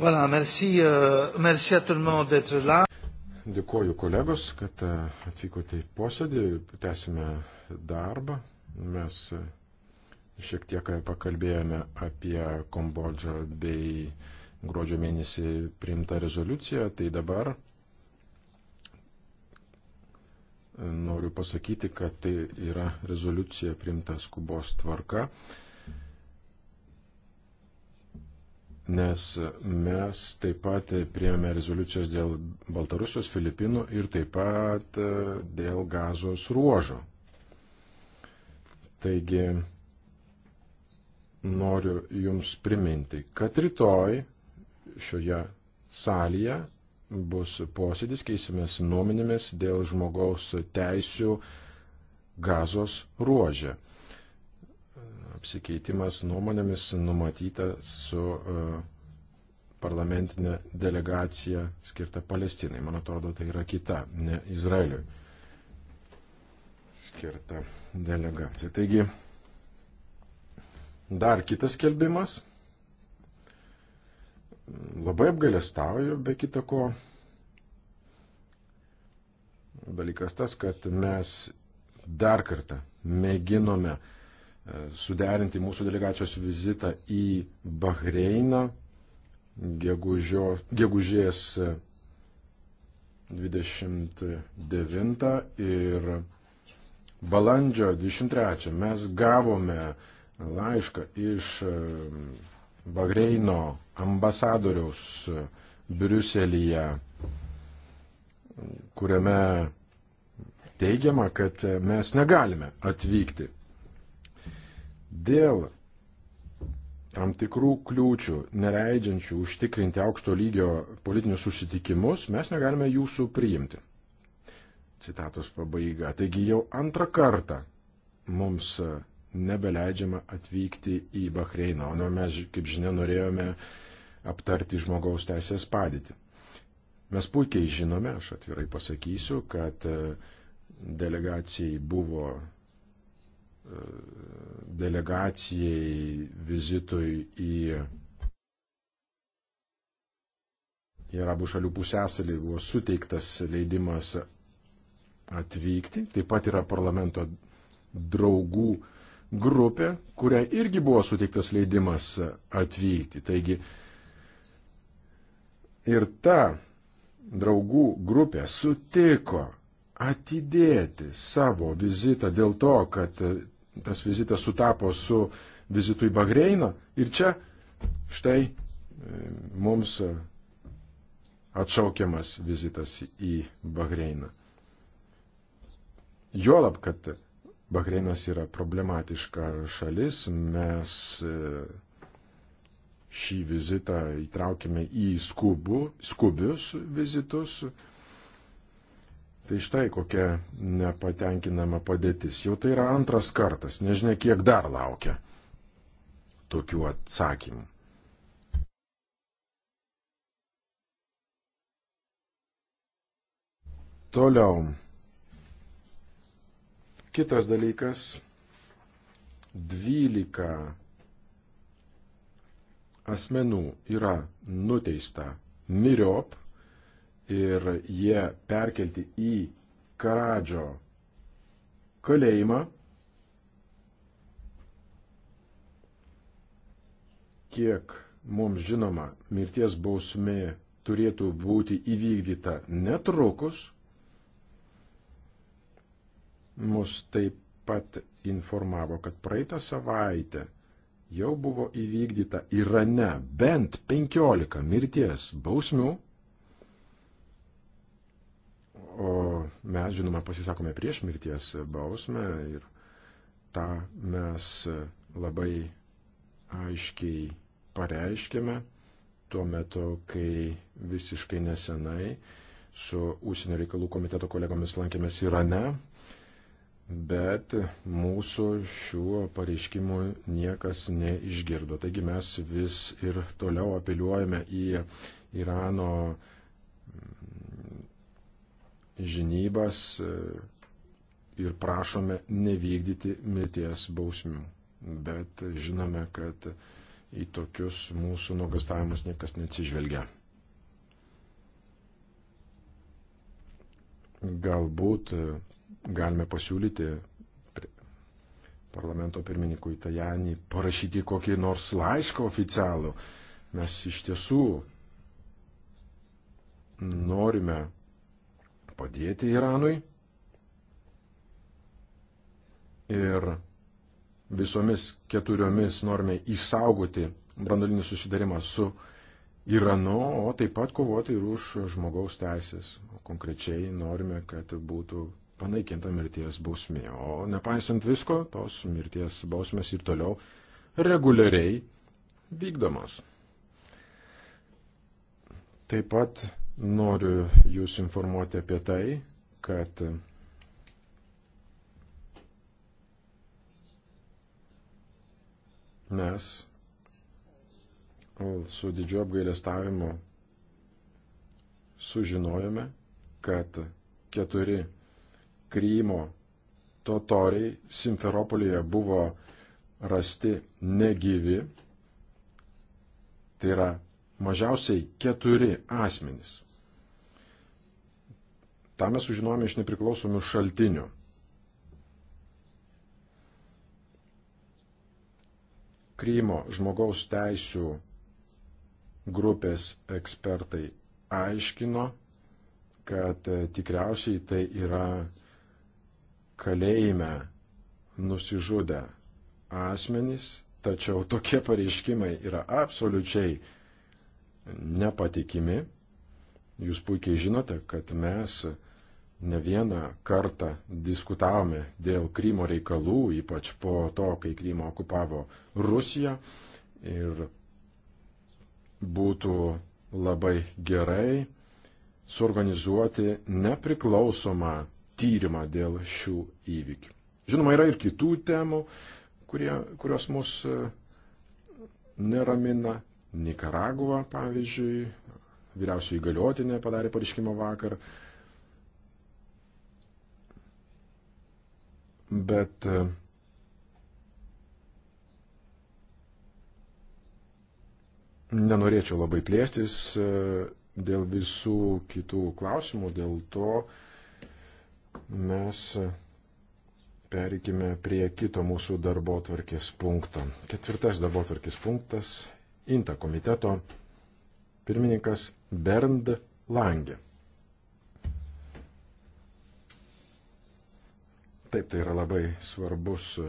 Voilà, merci, euh, merci à tout le monde d'être là. Dėkoju kolegos, kad uh, atvykote į posėdį, tęsime darbą. Mes uh, šiek tiek uh, pakalbėjome apie Kambodžą bei gruodžio mėnesį priimtą rezoliuciją. Tai dabar noriu pasakyti, kad tai yra rezoliucija priimta skubos tvarka. nes mes taip pat priėmėme rezoliucijos dėl Baltarusijos, Filipinų ir taip pat e, dėl gazos ruožo. Taigi noriu Jums priminti, kad rytoj šioje salėje bus posėdis, keisimės nuomonėmis dėl žmogaus teisių gazos ruožė apsikeitimas nuomonėmis numatyta su e, parlamentinė delegacija skirta Palestinai. Man atrodo, tai yra kita, ne Izraeliui skirta delegacija. Taigi, dar kitas kelbimas. Labai apgalėstauju, be kita ko. Dalykas tas, kad mes dar kartą mėginome uh, suderinti mūsų delegacijos vizitą į Bahreiną gegužio, gegužės 29 ir balandžio 23 mes gavome laišką iš um, Bahreino ambasadoriaus Briuselyje, kuriame teigiama, kad mes negalime atvykti Dėl tam tikrų kliūčių, neleidžiančių užtikrinti aukšto lygio politinius susitikimus, mes negalime jūsų priimti. Citatos pabaiga. Taigi jau antrą kartą mums nebeleidžiama atvykti į Bahreiną, o nu, mes, kaip žinia, norėjome aptarti žmogaus teisės padėtį. Mes puikiai žinome, aš atvirai pasakysiu, kad delegacijai buvo delegacijai vizitui į, į Arabų šalių pusęsalį buvo suteiktas leidimas atvykti. Taip pat yra parlamento draugų grupė, kuriai irgi buvo suteiktas leidimas atvykti. Taigi ir ta draugų grupė sutiko atidėti savo vizitą dėl to, kad e, tas vizitas sutapo su vizitu į Bahreiną. Ir čia štai e, mums atšaukiamas vizitas į Bahreiną. Juolab, kad Bahreinas yra problematiška šalis, mes e, šį vizitą įtraukime į skubų, skubius vizitus Tai štai kokia nepatenkinama padėtis. Jau tai yra antras kartas, nežinia kiek dar laukia tokių atsakymų. Toliau. Kitas dalykas. 12 asmenų yra nuteista miriop ir jie perkelti į Karadžio kalėjimą. Kiek mums žinoma, mirties bausmė turėtų būti įvykdyta netrukus. Mus taip pat informavo, kad praeitą savaitę jau buvo įvykdyta Irane bent 15 mirties bausmių O mes, žinoma, pasisakome prieš mirties bausmę ir tą mes labai aiškiai pareiškėme tuo metu, kai visiškai nesenai su Užsienio reikalų komiteto kolegomis lankėmės Irane, bet mūsų šiuo pareiškimu niekas neišgirdo. Taigi mes vis ir toliau apeliuojame į Irano žinybas e, ir prašome nevykdyti mirties bausmių. Bet žinome, kad į tokius mūsų nuogastavimus niekas neatsižvelgia. Galbūt e, galime pasiūlyti parlamento pirmininkui Tajanį parašyti kokį nors laišką oficialų. Mes iš tiesų norime padėti Iranui ir visomis keturiomis norime įsaugoti brandolinį susidarimą su Iranu, o taip pat kovoti ir už žmogaus teisės. Konkrečiai norime, kad būtų panaikinta mirties bausmė. O nepaisant visko, tos mirties bausmės ir toliau reguliariai vykdomos. Taip pat Noriu Jūs informuoti apie tai, kad mes su didžiu apgailestavimu sužinojome, kad keturi Krymo totoriai Simferopolyje buvo rasti negyvi, tai yra mažiausiai keturi asmenys Ta mes sužinojame iš nepriklausomų šaltinių. Krymo žmogaus teisų grupės ekspertai aiškino, kad e, tikriausiai tai yra kalėjime nusižudę asmenys, tačiau tokie pareiškimai yra absoliučiai nepatikimi. Jūs puikiai žinote, kad mes ne vieną kartą diskutavome dėl Krymo reikalų, ypač po to, kai Krymą okupavo Rusija. Ir būtų labai gerai suorganizuoti nepriklausomą tyrimą dėl šių įvykių. Žinoma, yra ir kitų temų, kurie, kurios mus e, neramina. Nikaragua, pavyzdžiui, vyriausiai įgaliotinė padarė pareiškimą vakar. bet e, nenorėčiau labai plėstis e, dėl visų kitų klausimų, dėl to mes perikime prie kito mūsų darbo tvarkės punkto. Ketvirtas darbo tvarkės punktas - Inta komiteto pirmininkas Bernd Langė. Taip, tai yra labai svarbus e,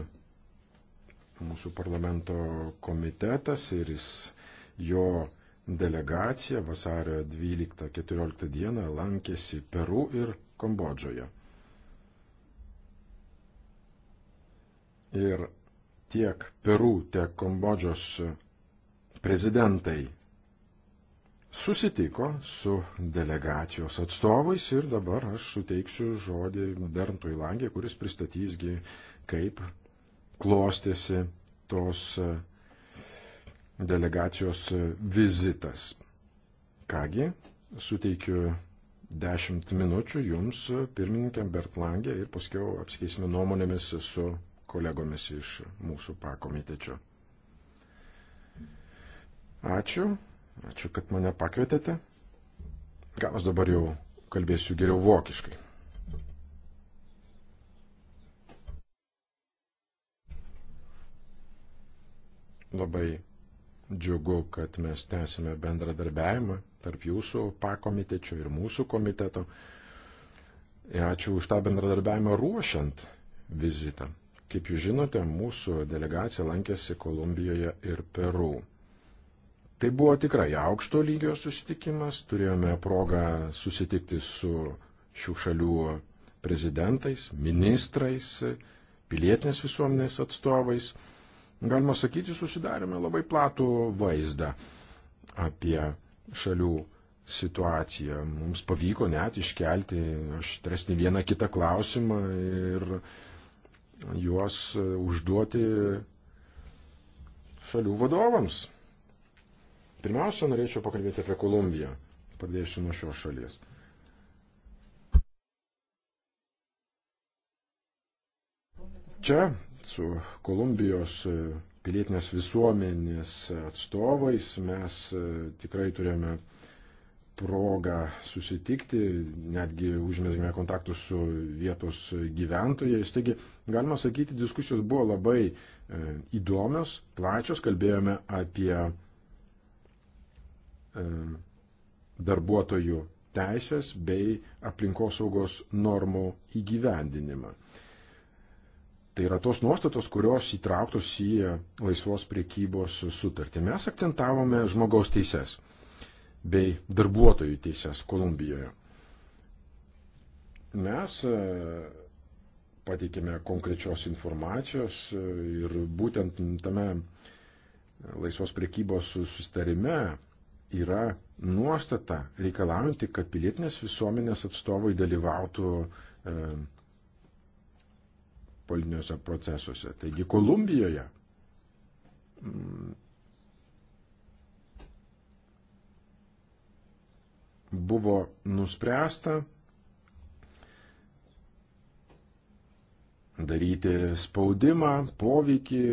mūsų parlamento komitetas ir jis, jo delegacija vasario 12-14 dieną lankėsi Peru ir Kambodžoje. Ir tiek Peru, tiek Kambodžos prezidentai susitiko su delegacijos atstovais ir dabar aš suteiksiu žodį Berntui Langė, kuris pristatysgi, kaip klostėsi tos e, delegacijos e, vizitas. Kągi, suteikiu 10 minučių jums, e, pirmininkėm Bertlangė, ir paskiau apsikeisime nuomonėmis su kolegomis iš mūsų pakomitečio. Ačiū. Ačiū, kad mane pakvietėte. Gal aš dabar jau kalbėsiu geriau vokiškai. Labai džiugu, kad mes tęsime bendradarbiavimą tarp jūsų pakomitečio ir mūsų komiteto. Ačiū už tą bendradarbiavimą ruošiant vizitą. Kaip jūs žinote, mūsų delegacija lankėsi Kolumbijoje ir Peru. Tai buvo tikrai aukšto lygio susitikimas, turėjome progą susitikti su šių šalių prezidentais, ministrais, pilietinės visuomenės atstovais. Galima sakyti, susidarėme labai platų vaizdą apie šalių situaciją. Mums pavyko net iškelti aštresnį vieną kitą klausimą ir juos užduoti šalių vadovams. Pirmiausia, norėčiau pakalbėti apie Kolumbiją. Pradėsiu nuo šios šalies. Čia su Kolumbijos e, pilietinės visuomenės atstovais mes e, tikrai turėjome progą susitikti, netgi užmėsime kontaktus su vietos gyventojais. Taigi, galima sakyti, diskusijos buvo labai e, įdomios, plačios, kalbėjome apie E, darbuotojų teisės bei aplinkosaugos normų įgyvendinimą. Tai yra tos nuostatos, kurios įtrauktos į laisvos priekybos sutartį. Mes akcentavome žmogaus teises bei darbuotojų teises Kolumbijoje. Mes e, pateikėme konkrečios informacijos e, ir būtent tame laisvos priekybos susitarime yra nuostata reikalaujanti, kad pilietinės visuomenės atstovai dalyvautų e, politiniuose procesuose. Taigi Kolumbijoje m, mm, buvo nuspręsta daryti spaudimą, poveikį,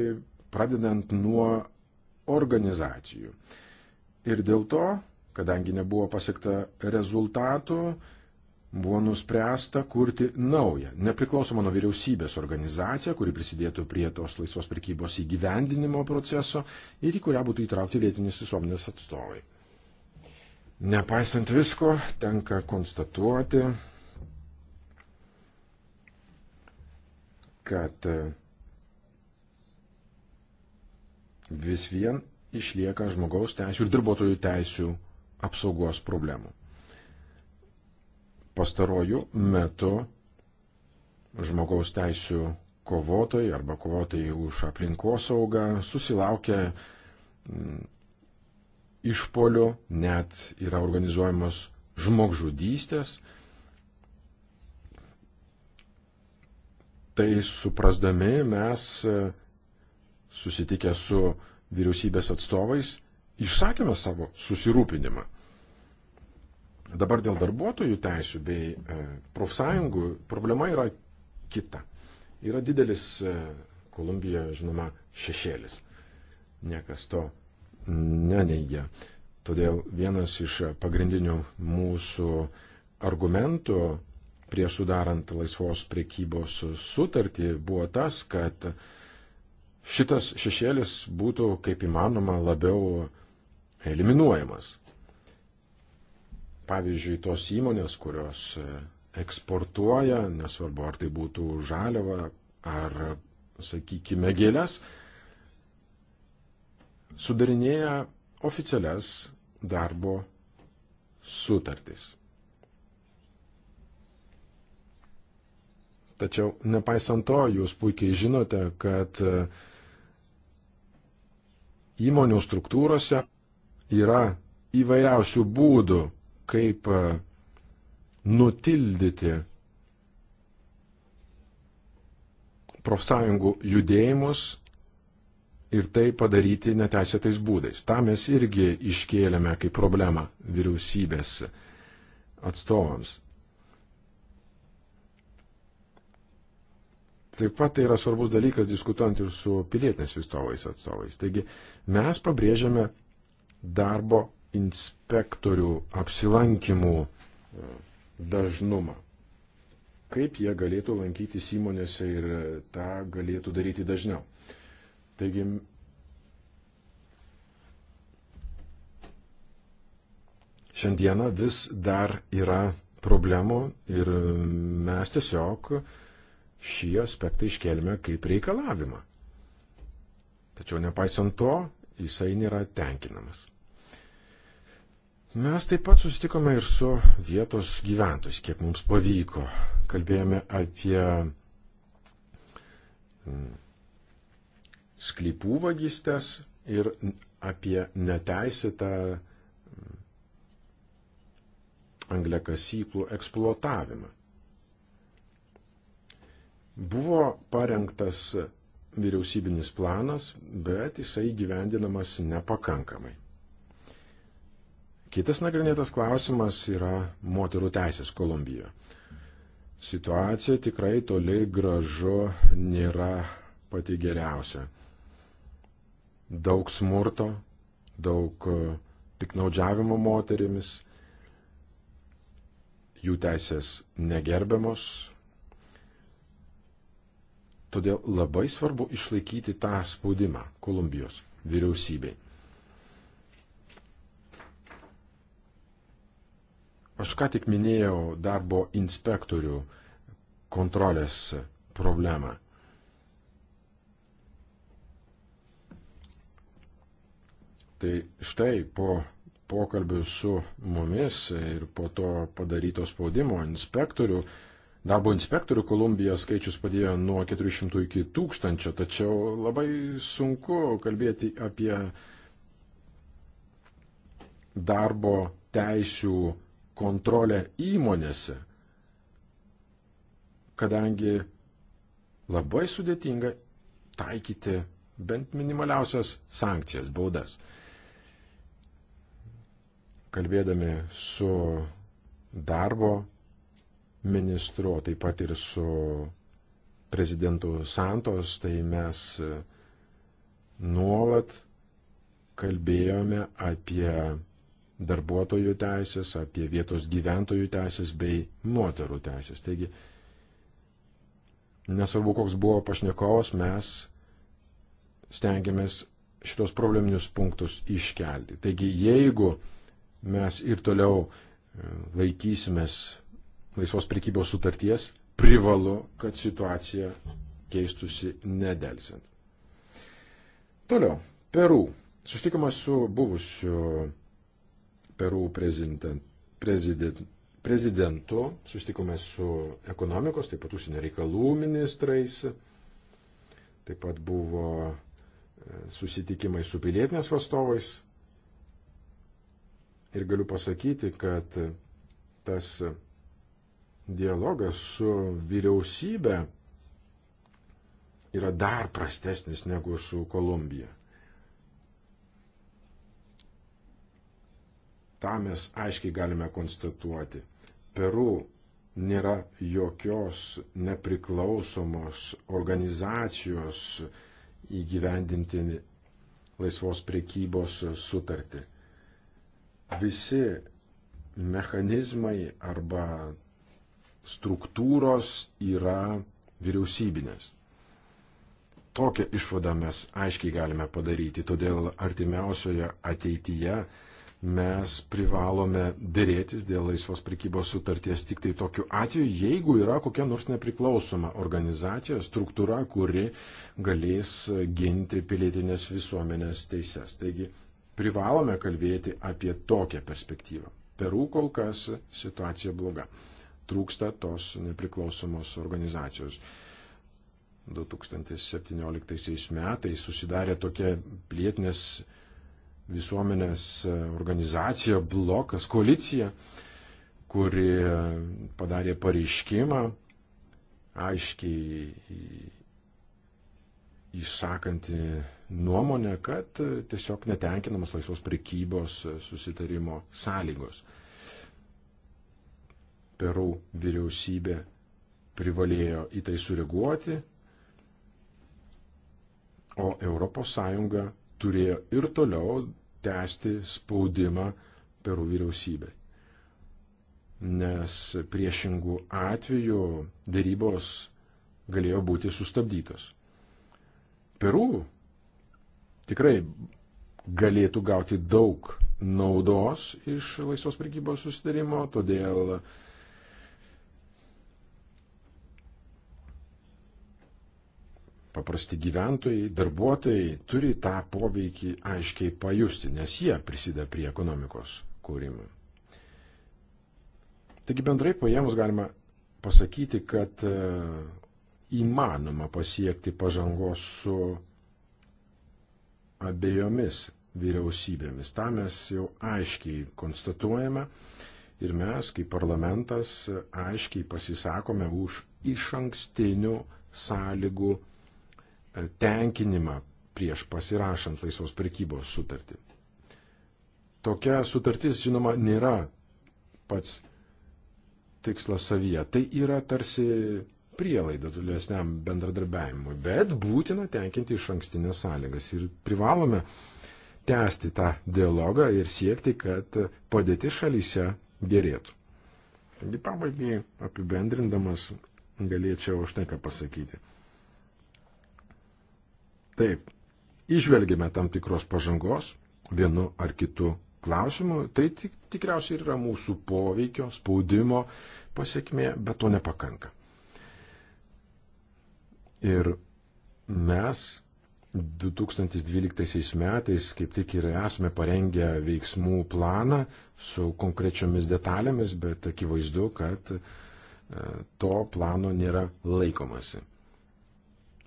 pradedant nuo organizacijų. E, Ir dėl to, kadangi nebuvo pasiekta rezultatų, buvo nuspręsta kurti naują, nepriklausomą nuo vyriausybės organizaciją, kuri prisidėtų prie tos laisvos prekybos įgyvendinimo proceso ir į kurią būtų įtraukti vietinis visuomenės atstovai. Nepaisant visko, tenka konstatuoti, kad vis vien išlieka žmogaus teisų ir darbuotojų teisų apsaugos problemų. Pastaruoju metu žmogaus teisų kovotojai arba kovotojai už aplinkosaugą susilaukia mm, išpolių, net yra organizuojamos žmogžudystės. Tai suprasdami mes e, susitikę su vyriausybės atstovais išsakėme savo susirūpinimą. Dabar dėl darbuotojų teisų bei e, profsąjungų problema yra kita. Yra didelis e, Kolumbijoje, žinoma, šešėlis. Niekas to neneigia. Todėl vienas iš pagrindinių mūsų argumentų prieš sudarant laisvos priekybos sutartį buvo tas, kad šitas šešėlis būtų kaip įmanoma labiau eliminuojamas. Pavyzdžiui, tos įmonės, kurios e, eksportuoja, nesvarbu ar tai būtų žaliava ar, sakykime, gėlės, sudarinėja oficialias darbo sutartis. Tačiau nepaisant to, jūs puikiai žinote, kad uh, įmonių struktūrose yra įvairiausių būdų, kaip e, nutildyti profsąjungų judėjimus ir tai padaryti neteisėtais būdais. Ta mes irgi iškėlėme kaip problemą vyriausybės atstovams. Taip pat tai yra svarbus dalykas diskutuojant ir su pilietinės visuomenės atstovais. Taigi mes pabrėžiame darbo inspektorių apsilankimų e, dažnumą. Kaip jie galėtų lankytis įmonėse ir e, tą galėtų daryti dažniau. Taigi šiandieną vis dar yra problemų ir mes tiesiog uh, šį aspektą iškelime kaip reikalavimą. Tačiau nepaisant to, jisai nėra tenkinamas. Mes taip pat susitikome ir su vietos gyventojais, kiek mums pavyko. Kalbėjome apie mm, sklypų vagystės ir apie neteisėtą mm, anglekasyklų eksploatavimą. Buvo parengtas vyriausybinis planas, bet jisai gyvendinamas nepakankamai. Kitas nagrinėtas klausimas yra moterų teisės Kolombijoje. Situacija tikrai toli gražu nėra pati geriausia. Daug smurto, daug e, piknaudžiavimo moterimis, jų teisės negerbiamos, Todėl labai svarbu išlaikyti tą spaudimą Kolumbijos vyriausybei. Aš ką tik minėjau darbo inspektorių kontrolės problemą. Tai štai po pokalbių su mumis ir po to padaryto spaudimo inspektorių Darbo inspektorių Kolumbijos skaičius padėjo nuo 400 iki 1000, tačiau labai sunku kalbėti apie darbo teisių kontrolę įmonėse, kadangi labai sudėtinga taikyti bent minimaliausias sankcijas, baudas. Kalbėdami su darbo ministru, taip pat ir su prezidentu Santos, tai mes e, nuolat kalbėjome apie darbuotojų teisės, apie vietos gyventojų teisės bei moterų teisės. Taigi, nesvarbu, koks buvo pašnekovas, mes stengiamės šitos probleminius punktus iškelti. Taigi, jeigu mes ir toliau e, laikysimės laisvos prekybos sutarties, privalu, kad situacija keistusi nedelsiant. Toliau. Peru. Susitikimas su buvusiu Peru prezident, prezident, prezidentu, susitikome su ekonomikos, taip pat užsienio reikalų ministrais, taip pat buvo e, susitikimai su pilietinės vastovais. Ir galiu pasakyti, kad tas dialogas su vyriausybė yra dar prastesnis negu su Kolumbija. Ta mes aiškiai galime konstatuoti. Peru nėra jokios nepriklausomos organizacijos įgyvendinti laisvos priekybos sutartį. Visi mechanizmai arba struktūros yra vyriausybinės. Tokią išvadą mes aiškiai galime padaryti, todėl artimiausioje ateityje mes privalome dėrėtis dėl laisvos prekybos sutarties tik tai tokiu atveju, jeigu yra kokia nors nepriklausoma organizacija, struktūra, kuri galės ginti pilietinės visuomenės teises. Taigi privalome kalbėti apie tokią perspektyvą. Peru kol kas situacija bloga trūksta tos nepriklausomos organizacijos. 2017 metais susidarė tokia plėtinės visuomenės e, organizacija, blokas, koalicija, kuri padarė pareiškimą, aiškiai išsakanti nuomonę, kad e, tiesiog netenkinamos laisvos prekybos e, susitarimo sąlygos. Perų vyriausybė privalėjo į tai sureaguoti, o ES turėjo ir toliau tęsti spaudimą Perų vyriausybei. Nes priešingų atvejų dėrybos galėjo būti sustabdytos. Peru tikrai galėtų gauti daug naudos iš laisvos prekybos susitarimo, todėl paprasti gyventojai, darbuotojai turi tą poveikį aiškiai pajusti, nes jie prisideda prie ekonomikos kūrimo. Taigi bendrai paėmus galima pasakyti, kad e, įmanoma pasiekti pažangos su abiejomis vyriausybėmis. Ta mes jau aiškiai konstatuojame ir mes kaip parlamentas aiškiai pasisakome už iš ankstinių sąlygų tenkinimą prieš pasirašant laisvos prekybos sutartį. Tokia sutartis, žinoma, nėra pats tikslas savyje. Tai yra tarsi prielaida tolesniam bendradarbiavimui, bet būtina tenkinti iš ankstinės sąlygas ir privalome tęsti tą dialogą ir siekti, kad padėti šalyse gerėtų. Taigi pabaigai apibendrindamas galėčiau aš tai ką pasakyti. Taip, išvelgėme tam tikros pažangos vienu ar kitu klausimu, tai tik, tikriausiai yra mūsų poveikio, spaudimo pasiekmė, bet to nepakanka. Ir mes 2012 metais kaip tik ir esame parengę veiksmų planą su konkrečiomis detalėmis, bet akivaizdu, kad e, to plano nėra laikomasi.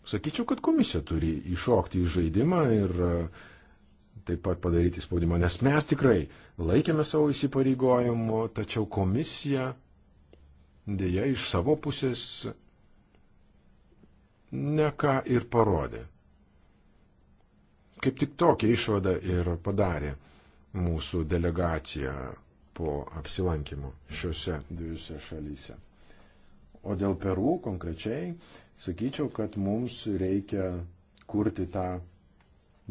Sakyčiau, kad komisija turi iššokti į žaidimą ir e, taip pat padaryti spaudimą, nes mes tikrai laikėme savo įsipareigojimo, tačiau komisija dėja iš savo pusės neką ir parodė. Kaip tik tokią išvadą ir padarė mūsų delegacija po apsilankimo šiuose dviejose šalyse. O dėl Peru konkrečiai, sakyčiau, kad mums reikia kurti tą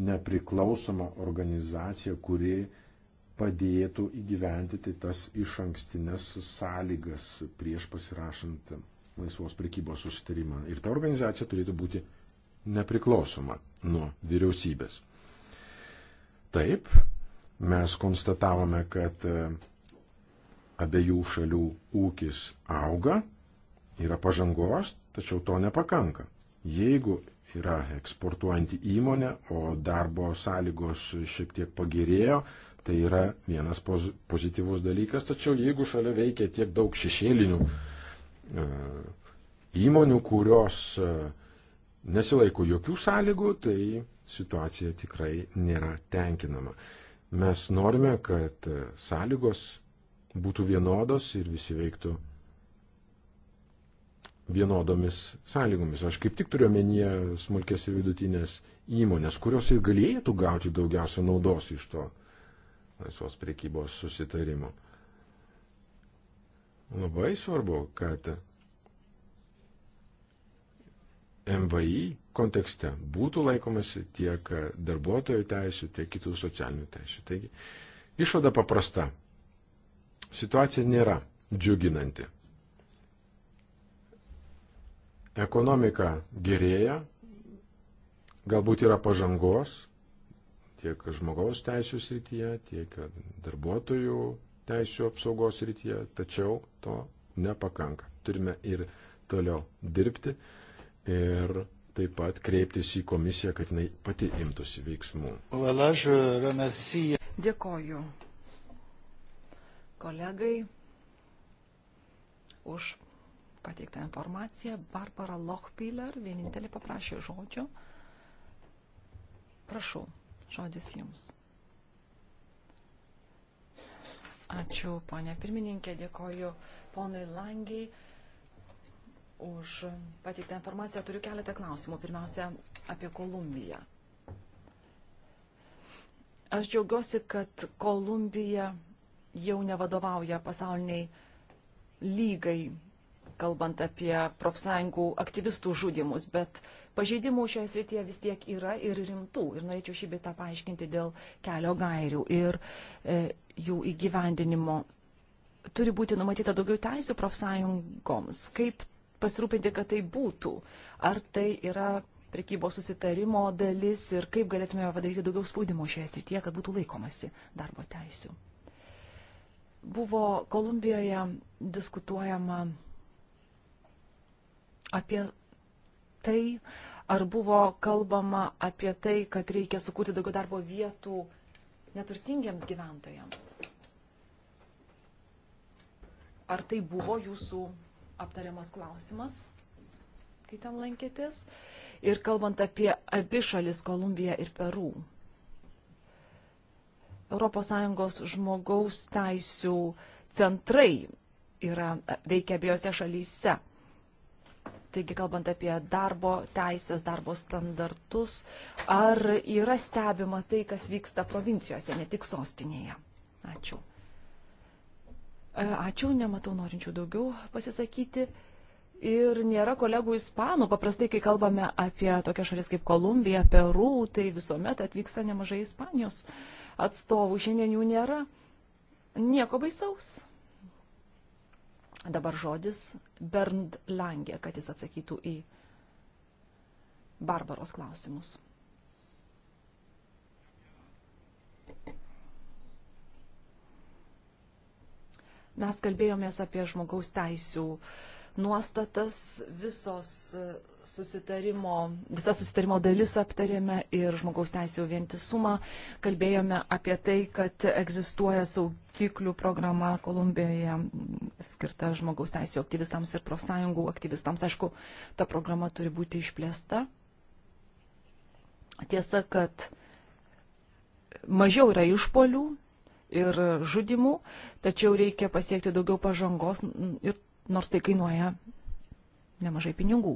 nepriklausomą organizaciją, kuri padėtų įgyventyti tas iš ankstinės sąlygas prieš pasirašant laisvos prekybos susitarimą. Ir ta organizacija turėtų būti nepriklausoma nuo vyriausybės. Taip, mes konstatavome, kad abiejų šalių ūkis auga, Yra pažangos, tačiau to nepakanka. Jeigu yra eksportuojanti įmonė, o darbo sąlygos šiek tiek pagerėjo, tai yra vienas poz, pozityvus dalykas, tačiau jeigu šalia veikia tiek daug šešėlinių e, įmonių, kurios e, nesilaiko jokių sąlygų, tai situacija tikrai nėra tenkinama. Mes norime, kad e, sąlygos būtų vienodos ir visi veiktų vienodomis sąlygomis. Aš kaip tik turiu omenyje smulkės ir vidutinės įmonės, kurios ir galėtų gauti daugiausia naudos iš to laisvos priekybos susitarimo. Labai svarbu, kad MVI kontekste būtų laikomasi tiek darbuotojų teisų, tiek kitų socialinių teisų. Taigi, išvada paprasta. Situacija nėra džiuginanti. Ekonomika gerėja, galbūt yra pažangos tiek žmogaus teisų srityje, tiek darbuotojų teisų apsaugos srityje, tačiau to nepakanka. Turime ir toliau dirbti ir taip pat kreiptis į komisiją, kad jinai pati imtųsi veiksmų. Dėkoju kolegai už pateiktą informaciją. Barbara Lochpiller vienintelė paprašė žodžio. Prašau, žodis jums. Ačiū, ponė pirmininkė, dėkoju ponui Langiai už pateiktą informaciją. Turiu keletą klausimų. Pirmiausia, apie Kolumbiją. Aš džiaugiuosi, kad Kolumbija jau nevadovauja pasauliniai lygai kalbant apie profsąjungų aktyvistų žudimus, bet pažeidimų šioje srityje vis tiek yra ir rimtų. Ir norėčiau šį bitą paaiškinti dėl kelio gairių ir e, jų įgyvendinimo. Turi būti numatyta daugiau teisų profsąjungoms. Kaip pasirūpinti, kad tai būtų? Ar tai yra prekybos susitarimo dalis ir kaip galėtume padaryti daugiau spaudimo šioje srityje, kad būtų laikomasi darbo teisių? Buvo Kolumbijoje diskutuojama apie tai, ar buvo kalbama apie tai, kad reikia sukurti daugiau darbo vietų neturtingiems gyventojams? Ar tai buvo jūsų aptariamas klausimas, kai ten lankėtės? Ir kalbant apie abi šalis - Kolumbiją ir Perų. ES žmogaus teisų centrai yra veikia abiejose šalyse. Taigi, kalbant apie darbo teisės, darbo standartus, ar yra stebima tai, kas vyksta provincijose, ne tik sostinėje? Ačiū. E, ačiū, nematau norinčių daugiau pasisakyti. Ir nėra kolegų ispanų. Paprastai, kai kalbame apie tokias šalis kaip Kolumbija, Peru, tai visuomet atvyksta nemažai Ispanijos atstovų. Šiandien jų nėra. Nieko baisaus. Dabar žodis Bernd Langė, kad jis atsakytų į Barbaros klausimus. Mes kalbėjomės apie žmogaus teisų uh, nuostatas, visos e, susitarimo, visas susitarimo dalis aptarėme ir žmogaus teisėjų vientisumą. Kalbėjome apie tai, kad egzistuoja saugiklių programa Kolumbijoje skirta žmogaus teisėjų aktyvistams ir profsąjungų aktyvistams. Aišku, ta programa turi būti išplėsta. Tiesa, kad mažiau yra išpolių ir žudimų, tačiau reikia pasiekti daugiau pažangos ir nors tai kainuoja nemažai pinigų.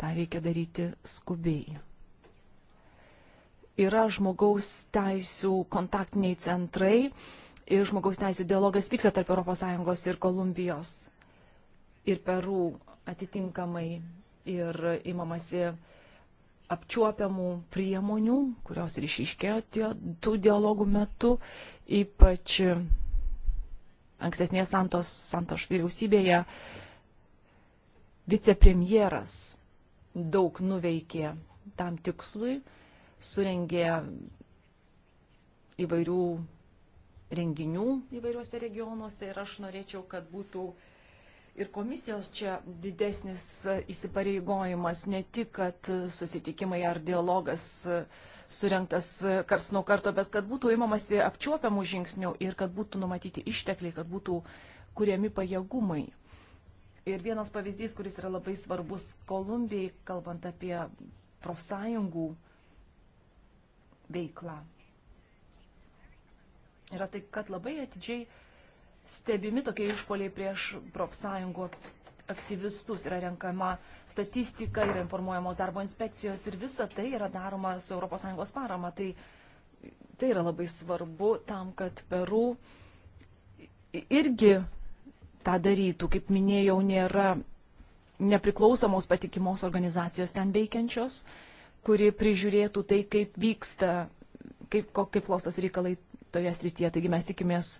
Ta reikia daryti skubiai. Yra žmogaus teisų kontaktiniai centrai ir žmogaus teisų dialogas vyksta tarp ES ir Kolumbijos ir Peru atitinkamai ir imamasi apčiuopiamų priemonių, kurios ir išiškėjo tų dialogų metu, ypač ankstesnėje Santos, Santos vyriausybėje vicepremjeras daug nuveikė tam tikslui, surengė įvairių renginių įvairiuose regionuose ir aš norėčiau, kad būtų ir komisijos čia didesnis įsipareigojimas, ne tik, kad susitikimai ar dialogas uh, surinktas e, kars nuo karto, bet kad būtų įmamasi apčiuopiamų žingsnių ir kad būtų numatyti ištekliai, kad būtų kuriami pajėgumai. Ir vienas pavyzdys, kuris yra labai svarbus Kolumbijai, kalbant apie profsąjungų veiklą, yra tai, kad labai atidžiai stebimi tokie išpoliai prieš profsąjungų aktyvistus, yra renkama statistika, yra informuojamos darbo inspekcijos ir visa tai yra daroma su ES parama. Tai, tai yra labai svarbu tam, kad Peru irgi tą darytų. Kaip minėjau, nėra nepriklausomos patikimos organizacijos ten veikiančios, kuri prižiūrėtų tai, kaip vyksta, kaip, kaip klostos reikalai toje srityje. Taigi mes tikimės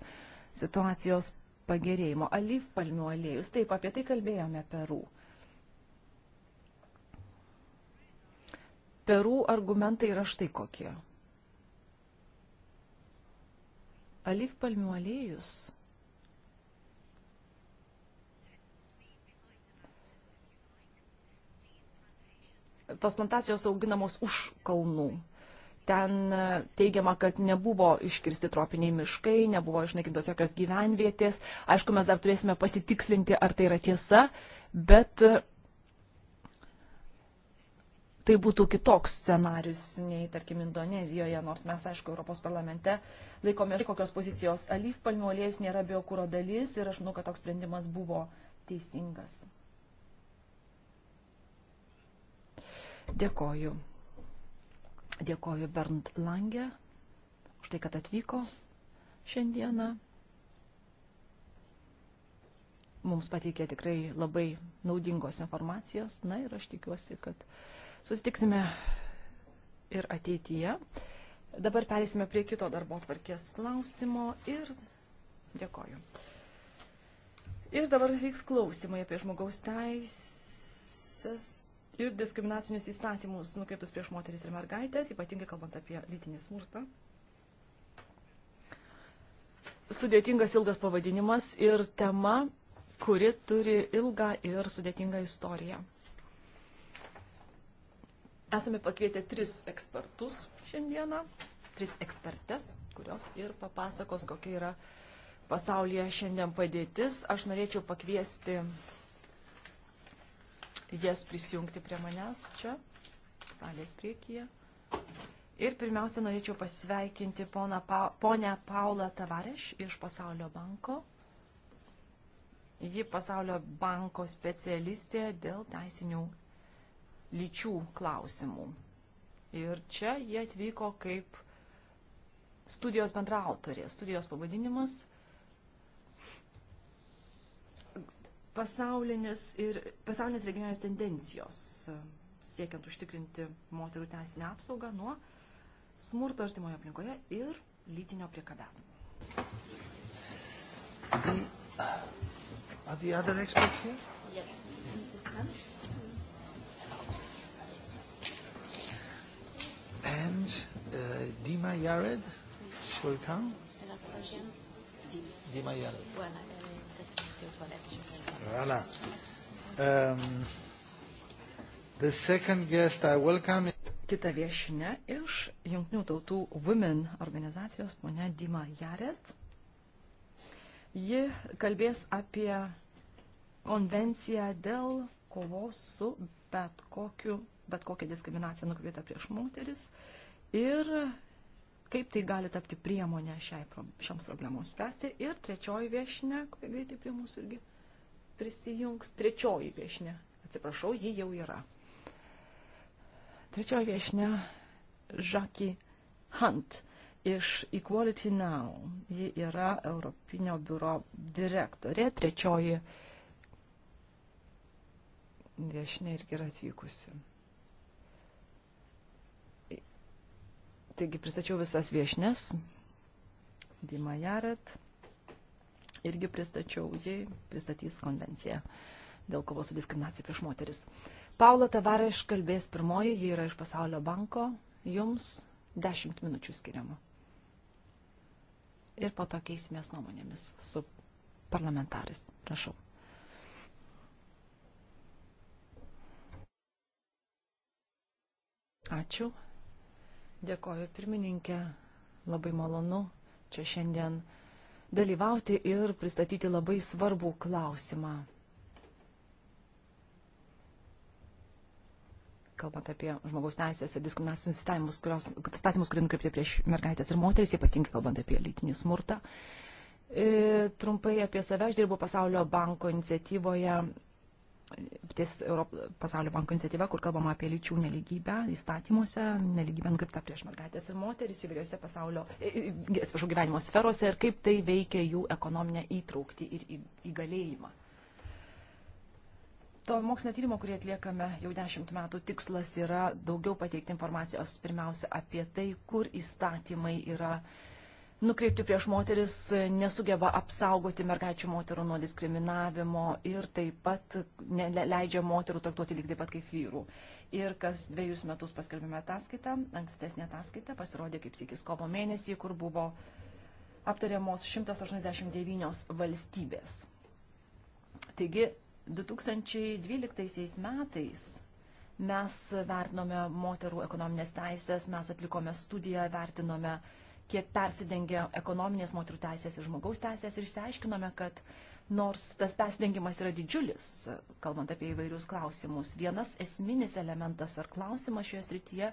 situacijos pagerėjimo. Alyv palmių aliejus, taip, apie tai kalbėjome Peru. Peru argumentai yra štai kokie. Alyv palmių aliejus tos plantacijos auginamos už kalnų. Ten e, teigiama, kad nebuvo iškirsti tropiniai miškai, nebuvo išnaikintos jokios gyvenvietės. Aišku, mes dar turėsime pasitikslinti, ar tai yra tiesa, bet e, tai būtų kitoks scenarius nei, tarkim, Indonezijoje, nors mes, aišku, Europos parlamente laikome tai kokios pozicijos. Alyv palmių aliejus nėra biokūro dalis ir aš manau, kad toks sprendimas buvo teisingas. Dėkoju. Dėkoju Bernd Lange už tai, kad atvyko šiandieną. Mums pateikė tikrai labai naudingos informacijos. Na ir aš tikiuosi, kad susitiksime ir ateityje. Dabar perėsime prie kito darbo tvarkės klausimo ir dėkoju. Ir dabar vyks klausimai apie žmogaus teisės ir diskriminacinius įstatymus nukreiptus prieš moteris ir mergaitės, ypatingai kalbant apie lytinį smurtą. Sudėtingas ilgas pavadinimas ir tema, kuri turi ilgą ir sudėtingą istoriją. Esame pakvietę tris ekspertus šiandieną, tris ekspertes, kurios ir papasakos, kokia yra pasaulyje šiandien padėtis. Aš norėčiau pakviesti jas prisijungti prie manęs čia, salės priekyje. Ir pirmiausia, norėčiau pasveikinti pa, ponę Paulą Tavareš iš Pasaulio banko. Ji Pasaulio banko specialistė dėl teisinių lyčių klausimų. Ir čia jie atvyko kaip studijos bendraautorė. Studijos pavadinimas – pasaulinės, ir, pasaulinės regioninės tendencijos e, siekiant užtikrinti moterų teisinę apsaugą nuo smurto artimoje aplinkoje ir lytinio priekabiavimo. Are the other experts here? Yes. And uh, Dima Yared, she will come? Dima Yared. Voilà. Um, the second guest I welcome. Kita viešinė iš Junktinių tautų Women organizacijos, ponia Dima Jaret. Ji kalbės apie konvenciją dėl kovos su bet, kokiu, bet kokia diskriminacija nukreipta prieš moteris ir kaip tai gali tapti priemonę šiai, šioms problemoms spręsti. Ir trečioji viešinė, kuri greitai prie mūsų irgi prisijungs, trečioji viešinė, atsiprašau, ji jau yra. Trečioji viešinė, Žaki Hunt iš Equality Now. Ji yra Europinio biuro direktorė, trečioji viešinė irgi yra atvykusi. Taigi pristačiau visas viešnes. Dima Jaret. Irgi pristačiau, ji pristatys konvenciją dėl kovos su diskriminacija prieš moteris. Paula Tavareš kalbės pirmoji, ji yra iš Pasaulio banko, jums 10 minučių skiriama. Ir po to keisimės nuomonėmis su parlamentaris. Prašau. Ačiū. Dėkoju pirmininkė, labai malonu čia šiandien dalyvauti ir pristatyti labai svarbų klausimą. Kalbant apie žmogaus teisės ir diskriminacinius statymus, kurios, statymus, kurie nukreipti prieš mergaitės ir moteris, ypatingai kalbant apie lytinį smurtą. E, trumpai apie save aš dirbu Pasaulio banko iniciatyvoje ties pasaulio banko iniciatyva, kur kalbama apie lyčių neligybę įstatymuose, neligybę nukreiptą prieš mergaitės ir moteris įvairiose pasaulio, atsiprašau, gyvenimo sferose ir kaip tai veikia jų ekonominę įtraukti ir įgalėjimą. To mokslinio tyrimo, kurį atliekame jau dešimt metų, tikslas yra daugiau pateikti informacijos pirmiausia apie tai, kur įstatymai yra uh, nukreipti prieš moteris nesugeba apsaugoti mergaičių moterų nuo diskriminavimo ir taip pat leidžia moterų traktuoti lygiai taip pat kaip vyrų. Ir kas dviejus metus paskelbėme ataskaitą, ankstesnė ataskaita pasirodė kaip sėkis kovo mėnesį, kur buvo aptariamos 189 valstybės. Taigi 2012 metais mes vertinome moterų ekonominės teisės, mes atlikome studiją, vertinome uh, kiek persidengia ekonominės moterų teisės ir žmogaus teisės ir išsiaiškinome, kad nors tas persidengimas yra didžiulis, kalbant apie įvairius klausimus, vienas esminis elementas ar klausimas šioje srityje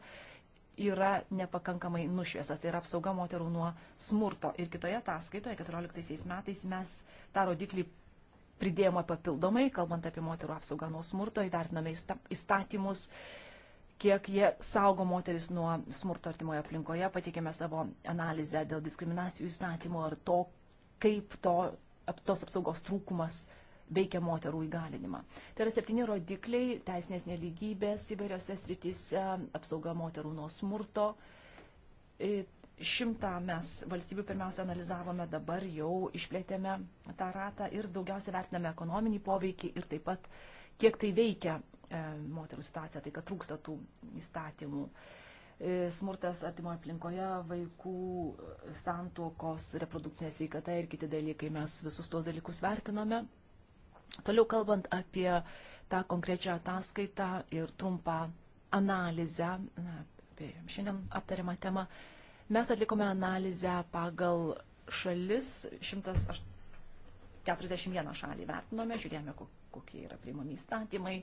yra nepakankamai nušviesas, tai yra apsauga moterų nuo smurto. Ir kitoje ataskaitoje, 14 metais, mes tą rodiklį pridėjome papildomai, kalbant apie moterų apsaugą nuo smurto, įvertinome įstatymus, kiek jie saugo moteris nuo smurto artimoje aplinkoje. Pateikėme savo analizę dėl diskriminacijų įstatymo ir to, kaip to, tos apsaugos trūkumas veikia moterų įgalinimą. Tai yra septyni rodikliai teisinės neligybės įvairiose srityse, apsauga moterų nuo smurto. Šimtą mes valstybių pirmiausia analizavome, dabar jau išplėtėme tą ratą ir daugiausia vertiname ekonominį poveikį ir taip pat kiek tai veikia E, moterų situaciją, tai kad trūksta tų įstatymų. E, smurtas artimoje aplinkoje, vaikų santuokos, reprodukcinė sveikata ir kiti dalykai, mes visus tuos dalykus vertinome. Toliau kalbant apie tą konkrečią ataskaitą ir trumpą analizę, na, apie šiandien aptariamą temą, mes atlikome analizę pagal šalis, 141 šalį vertinome, žiūrėjome, kokie yra priimami įstatymai,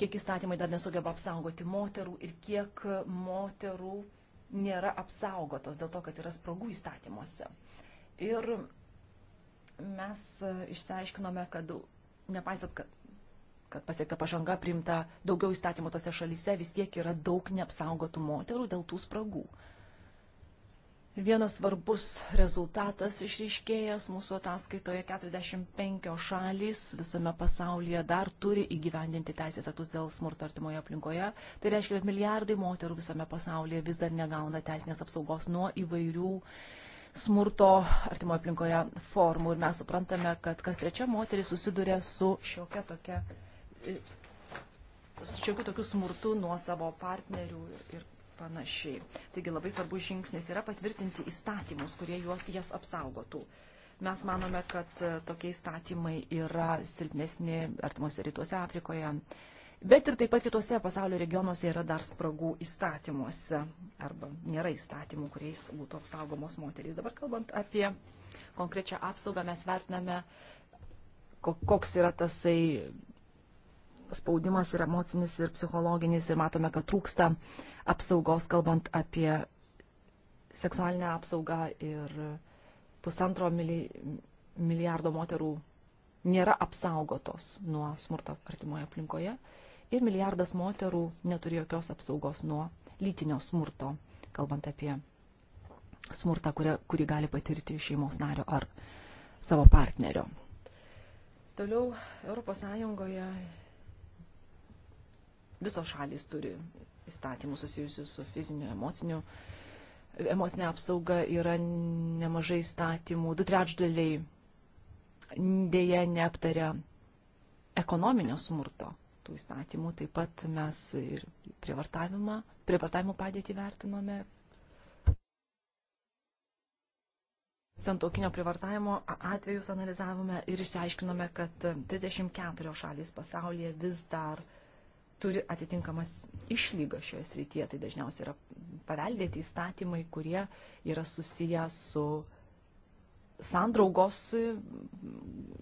kiek įstatymai dar nesugeba apsaugoti moterų ir kiek moterų nėra apsaugotos dėl to, kad yra spragų įstatymuose. Ir mes išsiaiškinome, kad nepaisant, kad, kad pasiekta pažanga primta daugiau įstatymų tose šalyse, vis tiek yra daug neapsaugotų moterų dėl tų spragų. Uh, Vienas svarbus rezultatas išryškėjęs mūsų ataskaitoje 45 šalys visame pasaulyje dar turi įgyvendinti teisės aktus dėl smurto artimoje aplinkoje. Tai reiškia, kad milijardai moterų visame pasaulyje vis dar negauna teisinės apsaugos nuo įvairių smurto artimoje aplinkoje formų. Ir mes suprantame, kad kas trečia moteris susiduria su šiokia tokia e, šiokiu tokiu smurtu nuo savo partnerių ir, ir panašiai. Taigi labai svarbus žingsnis yra patvirtinti įstatymus, kurie juos, jas apsaugotų. Mes manome, kad e, tokie įstatymai yra silpnesni artimuose rytuose Afrikoje, bet ir taip pat kitose pasaulio regionuose yra dar spragų įstatymuose arba nėra įstatymų, kuriais būtų apsaugomos moterys. Dabar kalbant apie konkrečią apsaugą, mes vertiname, koks yra tasai spaudimas ir emocinis, ir psichologinis, ir matome, kad trūksta uh, apsaugos, kalbant apie seksualinę apsaugą ir pusantro milijardo moterų nėra apsaugotos nuo smurto artimoje aplinkoje ir milijardas moterų neturi jokios apsaugos nuo lytinio smurto, kalbant apie smurtą, kurį, kurį gali patirti šeimos nario ar savo partnerio. Toliau ES visos šalys turi įstatymų susijusių su fiziniu, emociniu, emocinė apsauga yra nemažai įstatymų, du trečdaliai dėja neaptaria ekonominio smurto tų įstatymų. Taip pat mes ir prievartavimą, prievartavimo padėtį vertinome. Santokinio prievartavimo atvejus analizavome ir išsiaiškinome, kad 34 šalis pasaulyje vis dar uh, turi atitinkamas išlygas šioje srityje. Tai dažniausiai yra paveldėti įstatymai, kurie yra susiję su sandraugos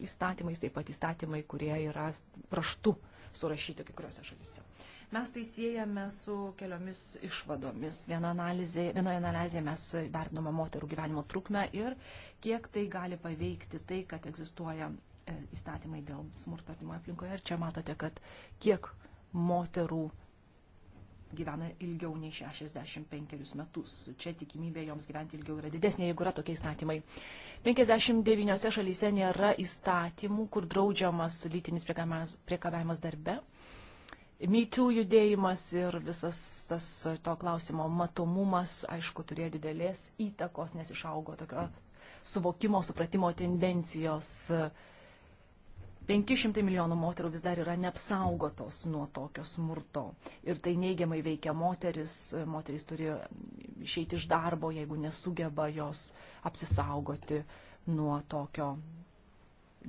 įstatymais, taip pat įstatymai, kurie yra raštu surašyti kai kuriuose šalise. Mes tai siejame su keliomis išvadomis. Viena analizė, vienoje analizėje mes vertiname moterų gyvenimo trukmę ir kiek tai gali paveikti tai, kad egzistuoja e, įstatymai dėl smurto artimoje aplinkoje. Ir čia matote, kad kiek moterų gyvena ilgiau nei 65 metus. Čia tikimybė joms gyventi ilgiau yra didesnė, jeigu yra tokie įstatymai. 59 šalyse nėra įstatymų, kur draudžiamas lytinis priekabiavimas darbe. MeToo judėjimas ir visas tas to klausimo matomumas, aišku, turėjo didelės įtakos, nes išaugo tokio suvokimo, supratimo tendencijos uh, 500 milijonų moterų vis dar yra neapsaugotos nuo tokio smurto. Ir tai neigiamai veikia moteris. Moteris turi išeiti iš darbo, jeigu nesugeba jos apsisaugoti nuo tokio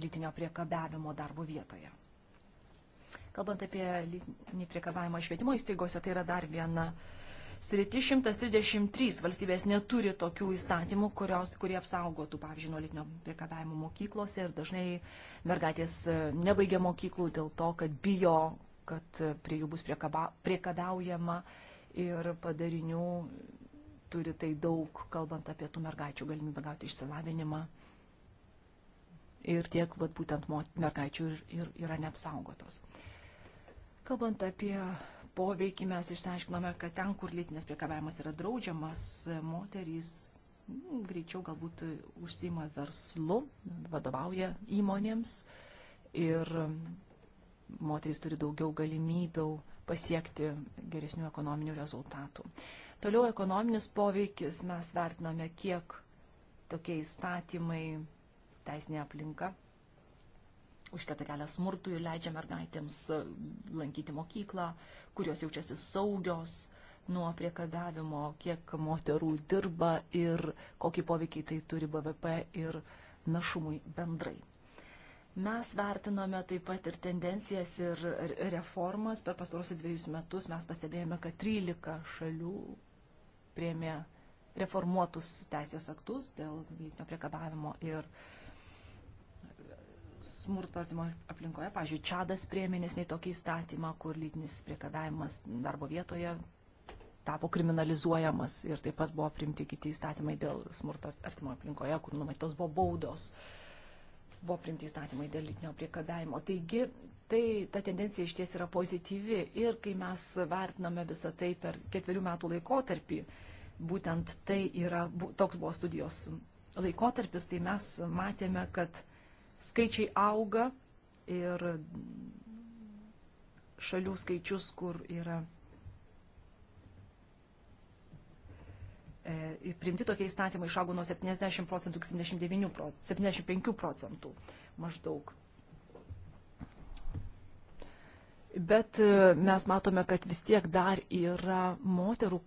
lytinio priekabiavimo darbo vietoje. Kalbant apie lytinį priekabiavimą švietimo įstaigose, tai yra dar viena uh, sriti 133 valstybės neturi tokių įstatymų, kurios, kurie apsaugotų, pavyzdžiui, nuo lytinio priekabiavimo mokyklose ir dažnai mergaitės e, nebaigia mokyklų dėl to, kad bijo, kad e, prie jų bus priekabiaujama ir padarinių turi tai daug, kalbant apie tų mergaičių galimybę gauti išsilavinimą. Ir tiek vat, būtent mergaičių ir, ir yra neapsaugotos. Kalbant apie poveikį mes išsiaiškinome, kad ten, kur lytinis priekabiavimas yra draudžiamas, moterys nu, greičiau galbūt užsima verslu, vadovauja įmonėms ir moterys turi daugiau galimybių pasiekti geresnių ekonominių rezultatų. Toliau ekonominis poveikis mes vertiname, kiek tokie įstatymai, teisinė aplinka užkerta kelią smurtui, leidžia mergaitėms e, lankyti mokyklą, kurios jaučiasi saugios nuo priekabiavimo, kiek moterų dirba ir kokį poveikį tai turi BVP ir našumui bendrai. Mes vertinome taip pat ir tendencijas ir reformas. Per pastarosius dviejus metus mes pastebėjome, kad 13 šalių priemė reformuotus teisės aktus dėl vykdymo priekabavimo ir uh, smurto artimo aplinkoje. Pavyzdžiui, Čadas prieimė nesnei tokį įstatymą, kur lytinis priekabiavimas darbo vietoje tapo kriminalizuojamas ir taip pat buvo priimti kiti įstatymai dėl smurto artimo aplinkoje, kur numatytos buvo baudos. Buvo priimti įstatymai dėl lytinio priekabiavimo. Taigi, tai ta tendencija iš ties yra pozityvi ir kai mes vertiname visą tai per ketverių metų laikotarpį, būtent tai yra, toks buvo studijos laikotarpis, tai mes matėme, kad skaičiai auga ir šalių skaičius, kur yra e, priimti tokie įstatymai, išaugo nuo 70 procentų iki 79 procentų, 75 procentų maždaug. Bet e, mes matome, kad vis tiek dar yra moterų,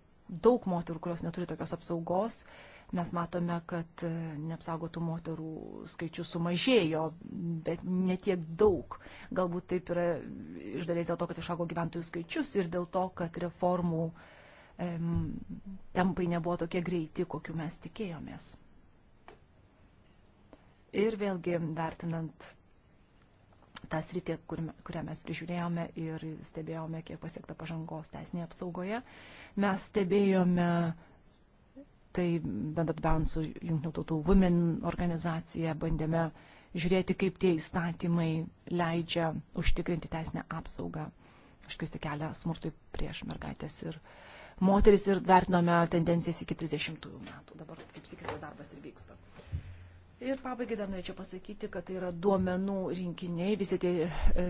daug moterų, kurios neturi tokios apsaugos. E, mes matome, kad e, neapsaugotų moterų skaičius sumažėjo, bet netiek daug. Galbūt taip yra iš dalies dėl to, kad išaugo gyventojų skaičius ir dėl to, kad reformų em, tempai nebuvo tokie greiti, kokiu mes tikėjomės. Ir vėlgi vertinant tą sritį, kur, kurią mes prižiūrėjome ir stebėjome, kiek pasiekta pažangos teisinėje apsaugoje, mes stebėjome uh, tai bendradarbiaujant su Junktinių tautų Women organizacija bandėme žiūrėti, kaip tie įstatymai leidžia užtikrinti teisinę apsaugą, užkisti kelią smurtui prieš mergaitės ir moteris ir vertinome tendencijas iki 30 metų. Dabar kaip sikis tas darbas ir vyksta. Ir pabaigai dar norėčiau pasakyti, kad tai yra duomenų rinkiniai, visi tie e,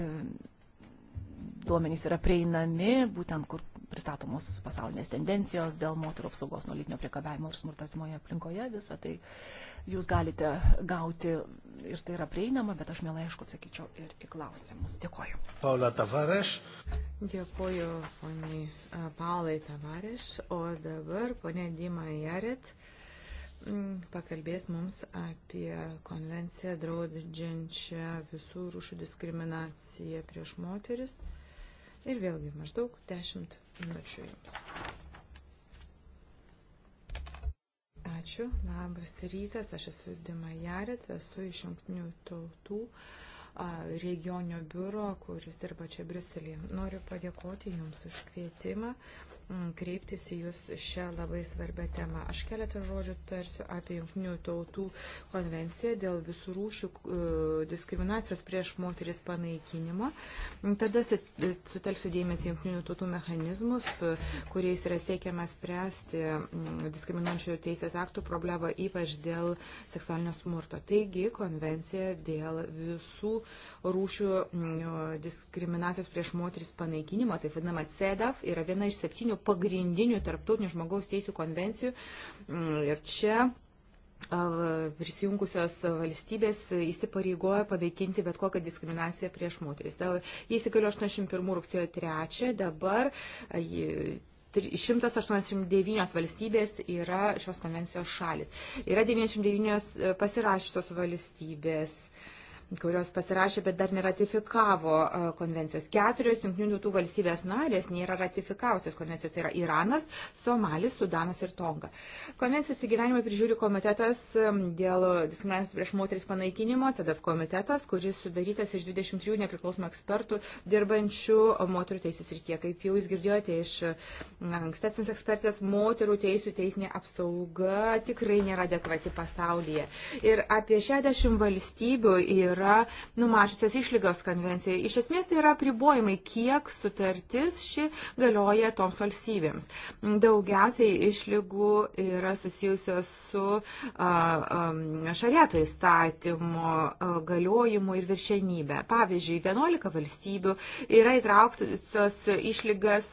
duomenys yra prieinami, būtent kur pristatomos pasaulinės tendencijos dėl moterų apsaugos nuo lytinio priekabėjimo ir smurtatimoje aplinkoje. Visą tai jūs galite gauti ir tai yra prieinama, bet aš mielai aišku atsakyčiau ir į klausimus. Dėkoju. Paula Tavareš. Dėkoju, poniai Paulai Tavareš. O dabar ponė Dima Jaret pakalbės mums apie konvenciją draudžiančią visų rūšių diskriminaciją prieš moteris. Ir vėlgi maždaug 10 minučių jums. Ačiū, labas rytas, aš esu Dima Jarit, esu iš jungtinių tautų regioninio biuro, kuris dirba čia Briuselėje. Noriu padėkoti Jums už kvietimą Mm, kreiptis į Jūs šią labai svarbę temą. Aš keletą žodžių tarsiu apie Junktinių tautų konvenciją dėl visų rūšių e, diskriminacijos prieš moteris panaikinimą. Mm, tada e, sutelksiu dėmesį Junktinių tautų mechanizmus, e, kuriais yra siekiama spręsti mm, diskriminuojančių teisės aktų problemą, ypač dėl seksualinio smurto. Taigi, konvencija dėl visų rūšių mm, diskriminacijos prieš moteris panaikinimo, tai vadinama CEDAF, yra viena iš septynių pagrindinių tarptautinių žmogaus teisų konvencijų. Mm, ir čia prisijungusios valstybės įsipareigoja paveikinti bet kokią diskriminaciją prieš moteris. Jis įsigalio 81 rugsėjo 3, dabar 189 valstybės yra šios konvencijos šalis. Yra 99 pasirašytos valstybės kurios pasirašė, bet dar neratifikavo e, konvencijos. Keturios jungtinių tautų valstybės narės nėra ratifikavusios konvencijos, tai yra Iranas, Somalis, Sudanas ir Tonga. Konvencijos įgyvenimą prižiūri komitetas e, dėl diskriminacijos prieš moteris panaikinimo, CDF komitetas, kuris sudarytas iš 23 nepriklausomų ekspertų dirbančių moterų teisų srityje. Kaip jau jūs girdėjote iš e, ankstesnės ekspertės, moterų teisų teisinė apsauga tikrai nėra adekvati pasaulyje. Ir apie 60 valstybių ir yra numačiusios išlygos konvencijoje. Iš esmės tai yra pribojimai, kiek sutartis ši galioja toms valstybėms. Daugiausiai išlygų yra susijusios su a, a, šarieto įstatymo a, galiojimu ir viršenybė. Pavyzdžiui, 11 valstybių yra įtrauktos išlygas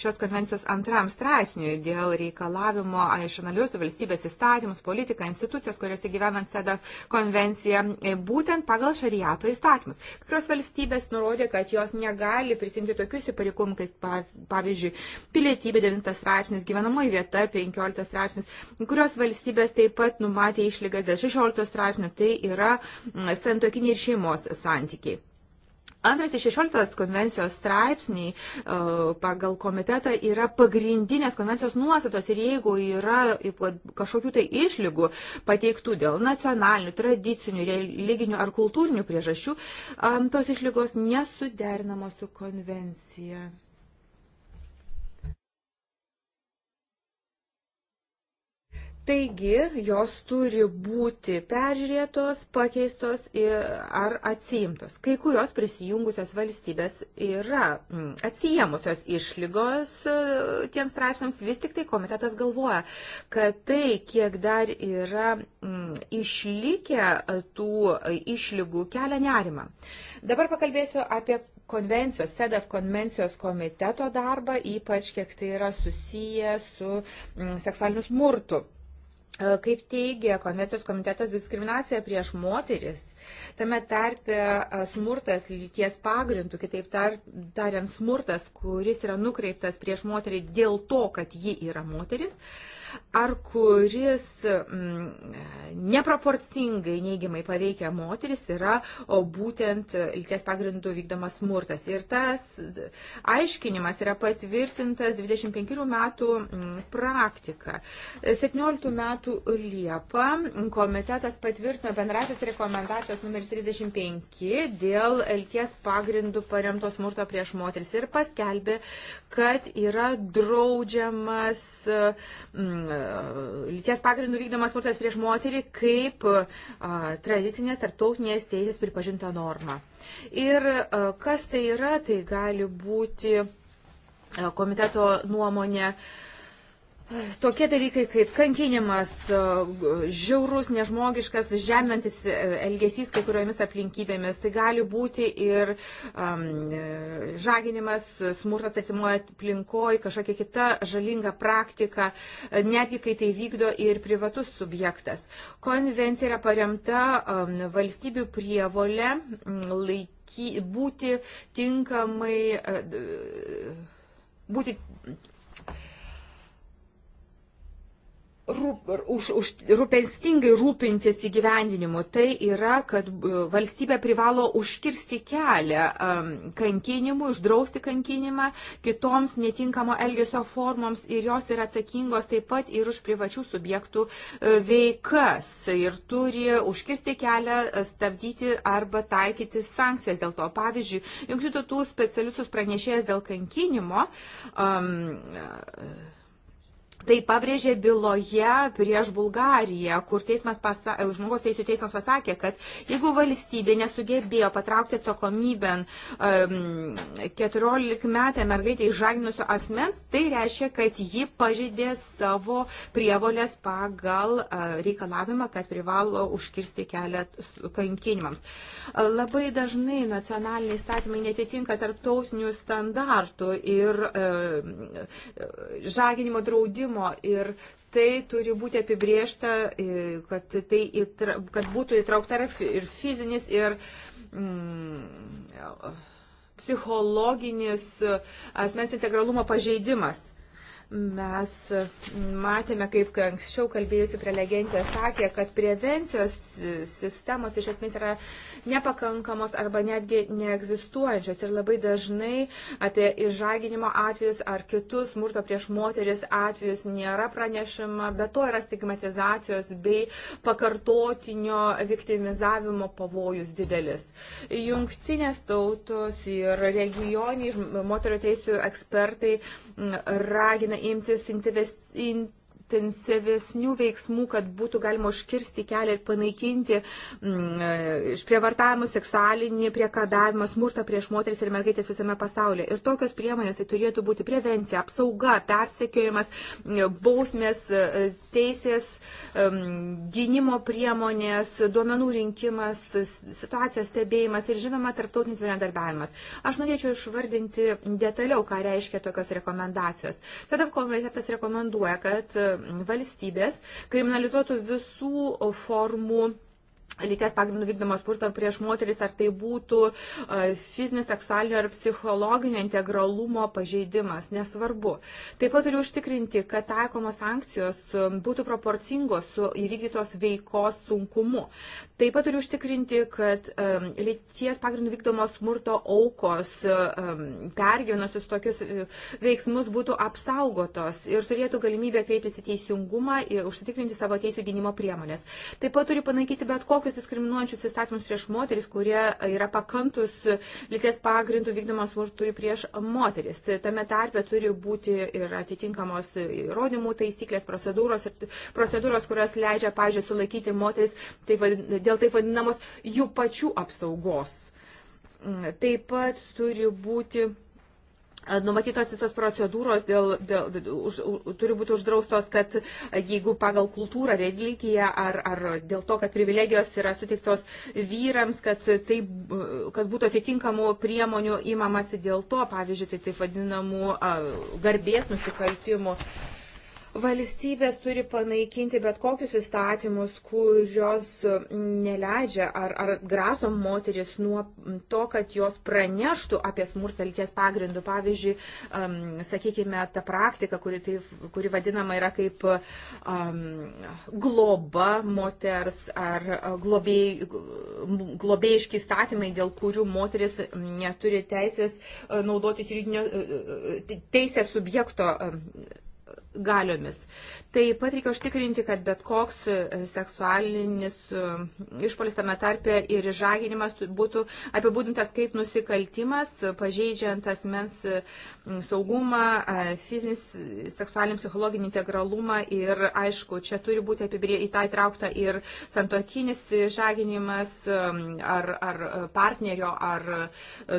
šios konvencijos antram straipsniui dėl reikalavimo išanalizuoti valstybės įstatymus, politiką, institucijas, kuriuose gyvenant SEDA konvenciją, būtent pagal pagal šariato įstatymus. Kai kurios valstybės nurodė, kad jos negali prisimti tokių įsipareigumų, kaip pavyzdžiui pilietybė 9 straipsnis, gyvenamoji vieta 15 straipsnis. Kurios valstybės taip pat numatė išlygas dėl 16 straipsnių, tai yra mm, santokiniai ir šeimos santykiai. Antras iš 16 konvencijos straipsniai e, pagal komitetą yra pagrindinės konvencijos nuostatos ir jeigu yra kažkokių tai išlygų pateiktų dėl nacionalinių, tradicinių, religinių ar kultūrinių priežasčių, tos išlygos nesuderinamos su konvencija. Taigi jos turi būti peržiūrėtos, pakeistos ar atsiimtos. Kai kurios prisijungusios valstybės yra atsijamusios išlygos e, tiems straipsniams, vis tik tai komitetas galvoja, kad tai, kiek dar yra išlikę tų išlygų, kelia nerimą. Dabar pakalbėsiu apie konvencijos, SEDAF konvencijos komiteto darbą, ypač kiek tai yra susiję su seksualiniu smurtu. Kaip teigia Konvencijos komitetas, diskriminacija prieš moteris Tame tarpe smurtas lyties pagrindų, kitaip tar, tariant, smurtas, kuris yra nukreiptas prieš moterį dėl to, kad ji yra moteris, ar kuris m, mm, neproporcingai neigiamai paveikia moteris, yra o būtent lyties pagrindų vykdomas smurtas. Ir tas aiškinimas yra patvirtintas 25 metų praktika. 17 metų Liepa komitetas patvirtino bendrasis rekomendacijas rekomendacijos numeris 35 dėl elties pagrindų paremto smurto prieš moteris ir paskelbė, kad yra draudžiamas mm, lyties pagrindų vykdomas smurtas prieš moterį kaip a, tradicinės tarptautinės teisės pripažinta norma. Ir a, kas tai yra, tai gali būti a, komiteto nuomonė. A, Tokie dalykai kaip kankinimas, e, žiaurus, nežmogiškas, žeminantis e, elgesys kai kuriomis aplinkybėmis, tai gali būti ir um, žaginimas, smurtas atimuoja aplinkoj, kažkokia kita žalinga praktika, netgi kai tai vykdo ir privatus subjektas. Konvencija yra paremta um, valstybių prievolė laiky, būti tinkamai. Uh, būti, rūp, už, už, rūpenstingai rūpintis įgyvendinimu. Tai yra, kad e, valstybė privalo užkirsti kelią um, kankinimu, uždrausti kankinimą kitoms netinkamo elgesio formoms ir jos yra atsakingos taip pat ir už privačių subjektų e, veikas ir turi užkirsti kelią, e, stabdyti arba taikyti sankcijas dėl to. Pavyzdžiui, jungtinių tautų specialiusius pranešėjas dėl kankinimo. Um, Tai pabrėžė byloje prieš Bulgariją, kur teismas pasa, žmogaus teisų teismas pasakė, kad jeigu valstybė nesugebėjo patraukti atsakomybę um, 14 metai mergaitė išžaginusio asmens, tai reiškia, kad ji pažydė savo prievolės pagal uh, reikalavimą, kad privalo užkirsti kelią kankinimams. Labai dažnai nacionaliniai statymai netitinka tarptautinių standartų ir uh, žaginimo draudimų draudimo ir tai turi būti apibriešta, e, kad, tai įtra, kad būtų įtraukta ir fizinis, ir mm, psichologinis e, asmens integralumo pažeidimas. Mes matėme, kaip anksčiau kalbėjusi prelegentė sakė, kad prevencijos sistemos iš esmės yra nepakankamos arba netgi neegzistuojančios. Ir labai dažnai apie išžaginimo atvejus ar kitus smurto prieš moteris atvejus nėra pranešama, bet to yra stigmatizacijos bei pakartotinio viktimizavimo pavojus didelis. Jungtinės tautos ir regioniai moterio teisų ekspertai ragina imtis investicijų intensyvesnių veiksmų, kad būtų galima užkirsti kelią ir panaikinti mm, išprievartavimą, seksualinį priekabavimą, smurtą prieš moteris ir mergaitės visame pasaulyje. Ir tokios priemonės tai turėtų būti prevencija, apsauga, persekiojimas, bausmės, teisės, mm, gynimo priemonės, duomenų rinkimas, situacijos stebėjimas ir žinoma, tarptautinis bendradarbiavimas. Aš norėčiau išvardinti detaliau, ką reiškia tokios rekomendacijos. Tada komitetas rekomenduoja, kad valstybės kriminalizuotų visų formų lyties pagrindų vykdomą smurtą prieš moteris, ar tai būtų fizinio, seksualinio ar psichologinio integralumo pažeidimas, nesvarbu. Taip pat turiu užtikrinti, kad taikomos sankcijos būtų proporcingos su įvykdytos veikos sunkumu. Taip pat turiu užtikrinti, kad um, lyties pagrindų vykdomos smurto aukos um, pergyvenusius tokius e, veiksmus būtų apsaugotos ir turėtų galimybę kreiptis į teisingumą ir užsitikrinti savo teisų gynimo priemonės. Taip pat turiu panaikyti bet kokius diskriminuojančius įstatymus prieš moteris, kurie yra pakantus lyties pagrindų vykdomos smurtui prieš moteris. Tame tarpe turi būti ir atitinkamos įrodymų taisyklės, procedūros, ir, procedūros kurios leidžia, pažiūrėjau, sulaikyti moteris tai vadin, dėl taip vadinamos jų pačių apsaugos. Mm, taip pat turi būti e, numatytos visos procedūros, dėl, dėl, už, turi būti uždraustos, kad e, jeigu pagal kultūrą, religiją ar, ar dėl to, kad privilegijos yra suteiktos vyrams, kad, tai, e, kad būtų atitinkamų priemonių įmamasi dėl to, pavyzdžiui, tai taip vadinamų garbės nusikaltimų. Uh, Valstybės turi panaikinti bet kokius įstatymus, kurios mm, neleidžia ar, ar graso moteris nuo to, kad jos praneštų apie smurtą lyties pagrindų. Pavyzdžiui, um, sakykime, ta praktika, kuri, tai, kuri vadinama yra kaip um, globa moters ar globėj, globėjiški statymai, dėl kurių moteris neturi teisės e, naudotis juridinio e, e, teisės subjekto. Um, galiomis. Taip pat reikia užtikrinti, kad bet koks e, seksualinis e, išpolis tame tarpe ir žaginimas būtų apibūdintas kaip nusikaltimas, pažeidžiant asmens e, saugumą, fizinis, seksualinį, psichologinį integralumą ir, aišku, čia turi būti apibrė, į tą įtraukta ir santokinis žaginimas ar, ar partnerio ar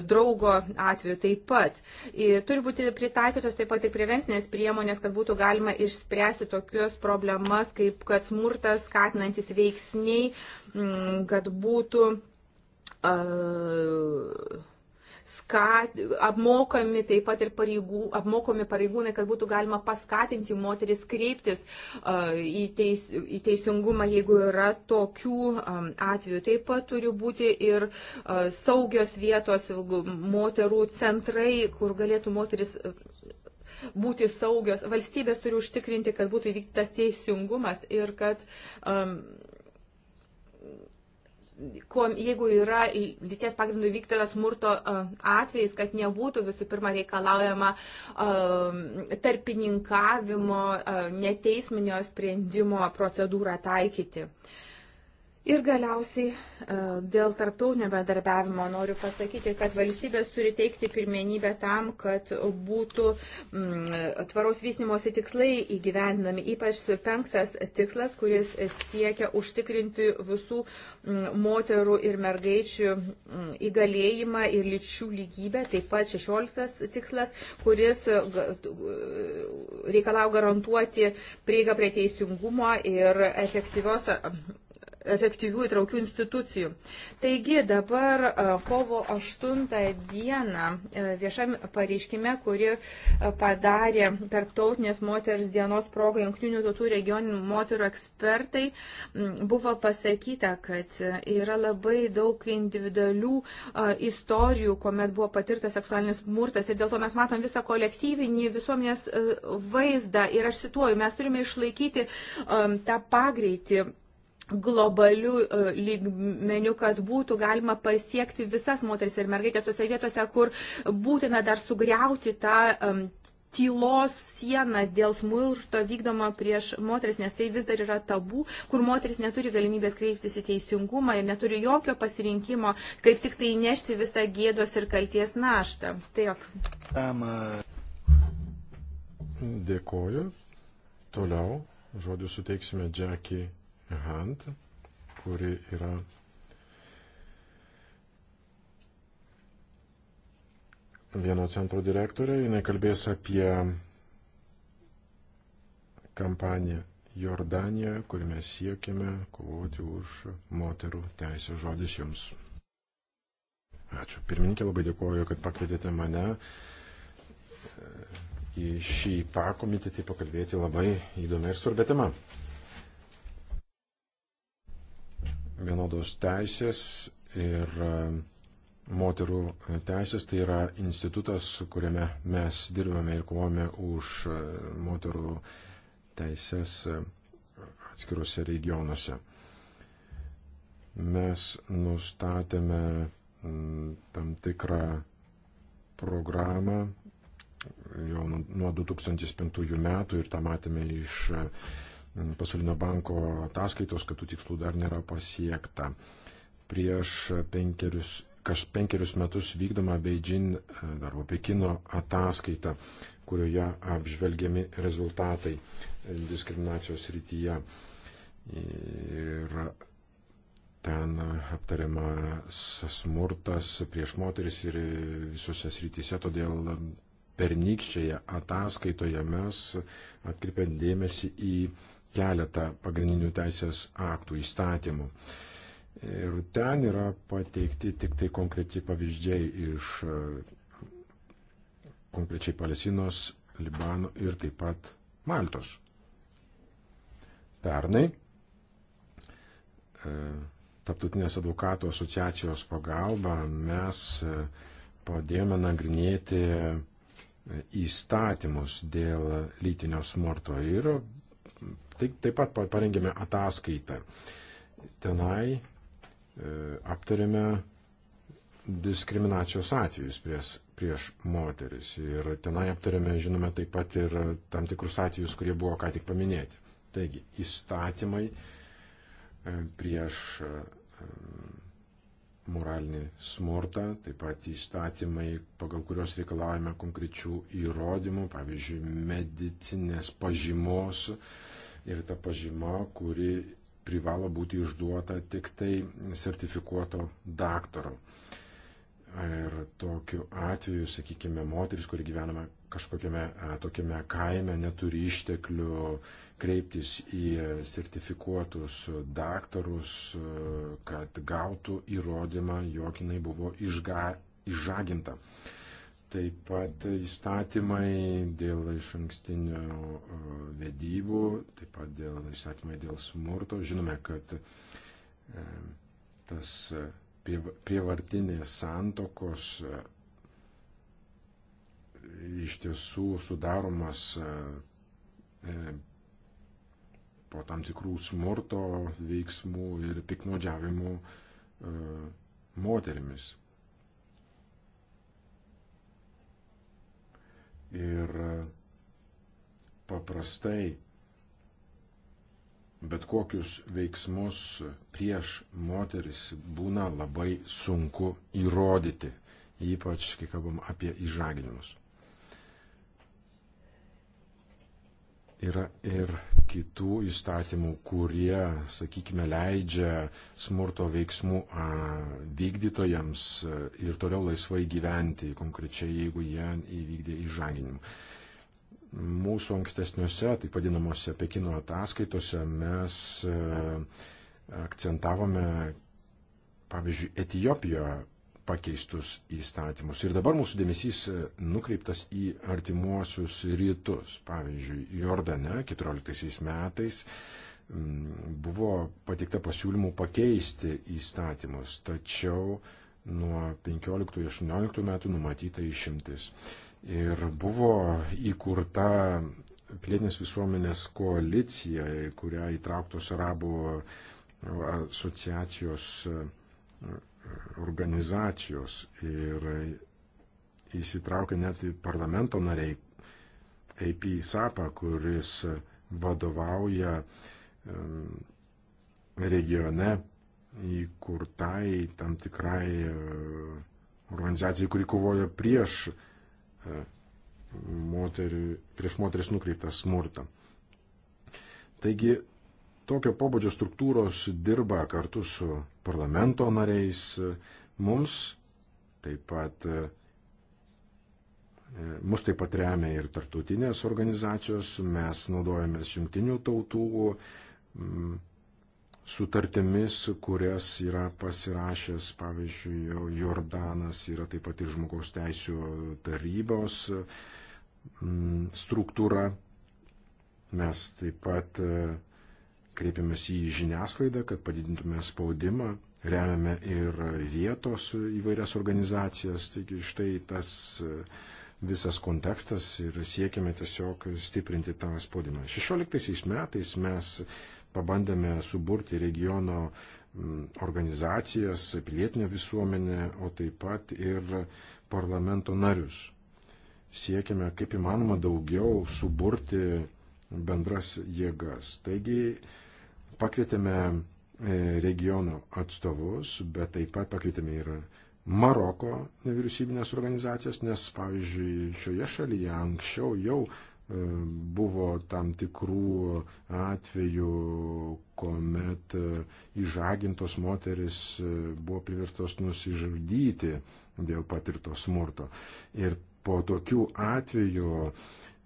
draugo atveju taip pat. Turi būti pritaikytos taip pat ir prevencinės priemonės, kad būtų galima išspręsti tokius tokias problemas, kaip kad smurtas, skatinantis veiksniai, mm, kad būtų uh, skat, apmokami taip pat ir pareigų, apmokomi pareigūnai, kad būtų galima paskatinti moteris kreiptis uh, į, teis, į teisingumą, jeigu yra tokių um, atvejų. Taip pat turi būti ir uh, saugios vietos moterų centrai, kur galėtų moteris būti saugios, valstybės turi užtikrinti, kad būtų įvykdytas teisingumas ir kad um, jeigu yra lyties pagrindų įvykdytas smurto um, atvejis, kad nebūtų visų pirma reikalaujama um, tarpininkavimo, uh, neteisminio sprendimo procedūrą taikyti. Ir galiausiai e, dėl tarptautinio bendarbiavimo noriu pasakyti, kad valstybės turi teikti pirmenybę tam, kad būtų mm, tvaros vystimosi tikslai įgyvendinami, ypač penktas tikslas, kuris siekia užtikrinti visų mm, moterų ir mergaičių mm, įgalėjimą ir lyčių lygybę, taip pat šešioliktas tikslas, kuris e, reikalau garantuoti prieigą prie teisingumo ir efektyvios efektyvių įtraukių institucijų. Taigi dabar kovo 8 dieną viešam pareiškime, kuri padarė Tarptautinės moters dienos progą Junktinių tautų regioninių moterų ekspertai, buvo pasakyta, kad yra labai daug individualių istorijų, kuomet buvo patirtas seksualinis smurtas ir dėl to mes matom visą kolektyvinį visuomenės vaizdą. Ir aš cituoju, mes turime išlaikyti tą pagreitį globalių e, lygmenių, kad būtų galima pasiekti visas moteris ir mergaitės tose vietose, kur būtina dar sugriauti tą um, tylos sieną dėl smurto vykdomo prieš moteris, nes tai vis dar yra tabų, kur moteris neturi galimybės kreiptis į teisingumą ir neturi jokio pasirinkimo, kaip tik tai nešti visą gėdos ir kalties naštą. Taip. Dėkoju. Toliau žodį suteiksime Džekį Hunt, kuri yra vieno centro direktorė. Jis kalbės apie kampaniją Jordanijoje, kur mes siekiame kovoti už moterų teisę žodis jums. Ačiū. Pirmininkė, labai dėkuoju, kad pakvietėte mane e, į šį pakomitetį tai pakalbėti labai įdomią ir svarbę temą. vienodos teisės ir e, moterų e, teisės. Tai yra institutas, kuriame mes dirbame ir kovome už e, moterų teisės atskiruose regionuose. Mes nustatėme tam tikrą programą jau nuo 2005 metų ir tą matėme iš pasaulinio banko ataskaitos, kad tų tikslų dar nėra pasiekta. Prieš penkerius, kas penkerius metus vykdoma Beidžin e, arba Pekino ataskaita, kurioje apžvelgiami rezultatai diskriminacijos rytyje. Ir ten aptariamas smurtas prieš moteris ir visose srityse, todėl pernykščiaje ataskaitoje mes atkreipiant dėmesį į keletą pagrindinių teisės aktų įstatymų. Ir ten yra pateikti tik tai konkrečiai pavyzdžiai iš e, konkrečiai Palestinos, Libano ir taip pat Maltos. Pernai e, Taptutinės advokatų asociacijos pagalba mes e, padėjome nagrinėti įstatymus dėl lytinio smurto ir Tai taip pat parengėme ataskaitą. Tenai e, aptarėme diskriminacijos atvejus prieš, prieš moteris. Ir tenai aptarėme, žinome, taip pat ir tam tikrus atvejus, kurie buvo ką tik paminėti. Taigi, įstatymai e, prieš e, moralinį smurtą, taip pat įstatymai, pagal kurios reikalavime konkrečių įrodymų, pavyzdžiui, medicinės pažymos, ir ta pažyma, kuri privalo būti išduota tik tai sertifikuoto daktaro. Ir tokiu atveju, sakykime, moteris, kuri gyvename kažkokiame e, tokiame kaime, neturi išteklių kreiptis į sertifikuotus daktarus, e, kad gautų įrodymą, jog jinai buvo išga, išžaginta. Taip pat įstatymai dėl iš ankstinio vedybų, taip pat dėl įstatymai dėl smurto. Žinome, kad e, tas prievartinės santokos e, iš tiesų sudaromas e, po tam tikrų smurto veiksmų ir piknaudžiavimų moterimis. Ir paprastai bet kokius veiksmus prieš moteris būna labai sunku įrodyti, ypač kai kalbam apie įžaginimus. Yra ir kitų įstatymų, kurie, sakykime, leidžia smurto veiksmų vykdytojams e, ir toliau laisvai gyventi, konkrečiai jeigu jie įvykdė įžaginimą. Mūsų ankstesniuose, taip vadinamuose Pekino ataskaitose mes e, akcentavome, pavyzdžiui, Etijopijoje pakeistus įstatymus. Ir dabar mūsų dėmesys e, nukreiptas į artimuosius rytus. Pavyzdžiui, Jordane 14 metais buvo pateikta pasiūlymų pakeisti įstatymus, tačiau nuo 15-18 metų numatyta išimtis. Ir buvo įkurta pilietinės visuomenės koalicija, kurią įtrauktos arabų asociacijos organizacijos ir įsitraukė net į parlamento nariai AP Sapa, kuris vadovauja regione įkurtai tam tikrai organizacijai, kuri kovoja prieš, e, moterį, prieš moteris nukreiptą smurtą. Taigi tokio pobūdžio struktūros dirba kartu su parlamento nariais. Mums taip pat, e, mus taip pat remia ir tartutinės organizacijos, mes naudojame jungtinių tautų sutartimis, kurias yra pasirašęs, pavyzdžiui, Jordanas, yra taip pat ir žmogaus teisų tarybos struktūra. Mes taip pat e, Kreipiamės į žiniasklaidą, kad padidintume spaudimą, remiame ir vietos įvairias organizacijas. Taigi štai tas visas kontekstas ir siekiame tiesiog stiprinti tą spaudimą. 16 metais mes pabandėme suburti regiono mm, organizacijas, pilietinę visuomenę, o taip pat ir parlamento narius. Siekiame kaip įmanoma daugiau suburti bendras jėgas. Taigi Pakvietėme e, regionų atstovus, bet taip pat pakvietėme ir Maroko nevyriausybinės organizacijas, nes, pavyzdžiui, šioje šalyje anksčiau jau e, buvo tam tikrų atvejų, kuomet e, įžagintos moteris buvo priverstos nusižudyti dėl patirto smurto. Ir po tokių atvejų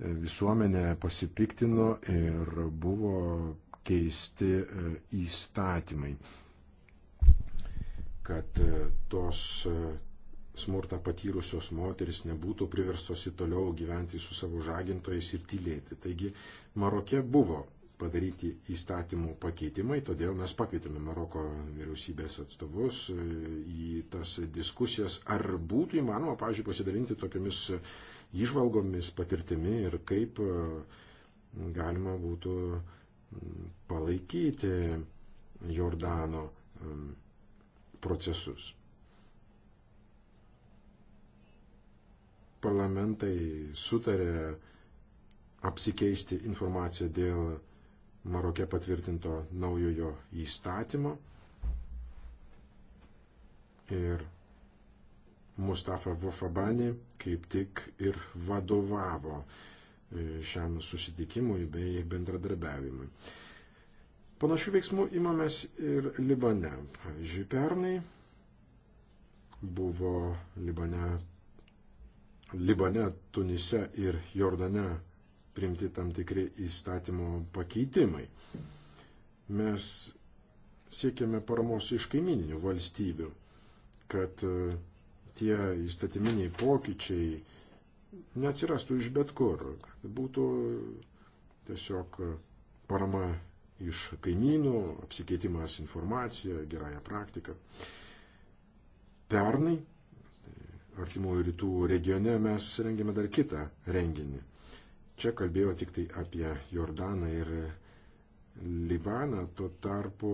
visuomenė pasipiktino ir buvo keisti e, įstatymai, kad e, tos e, smurtą patyrusios moteris nebūtų priverstos į toliau gyventi su savo žagintojais ir tylėti. Taigi Marokė buvo padaryti įstatymų pakeitimai, todėl mes pakvietėme Maroko vyriausybės atstovus į tas diskusijas, ar būtų įmanoma, pavyzdžiui, pasidalinti tokiamis išvalgomis, patirtimi ir kaip galima būtų palaikyti Jordano procesus. Parlamentai sutarė apsikeisti informaciją dėl Marokė patvirtinto naujojo įstatymo. Ir Mustafa Vofabani kaip tik ir vadovavo šiam susitikimui bei bendradarbiavimui. Panašių veiksmų imamės ir Libane. Pavyzdžiui, pernai buvo Libane, Libane, Tunise ir Jordane priimti tam tikri įstatymo pakeitimai. Mes siekiame paramos iš kaimininių valstybių, kad tie įstatyminiai pokyčiai neatsirastų iš bet kur, kad būtų tiesiog parama iš kaimynų, apsikeitimas informacija, gerąją praktiką. Pernai Artimųjų rytų regione mes rengėme dar kitą renginį. Čia kalbėjo tik tai apie Jordaną ir Libaną, tuo tarpu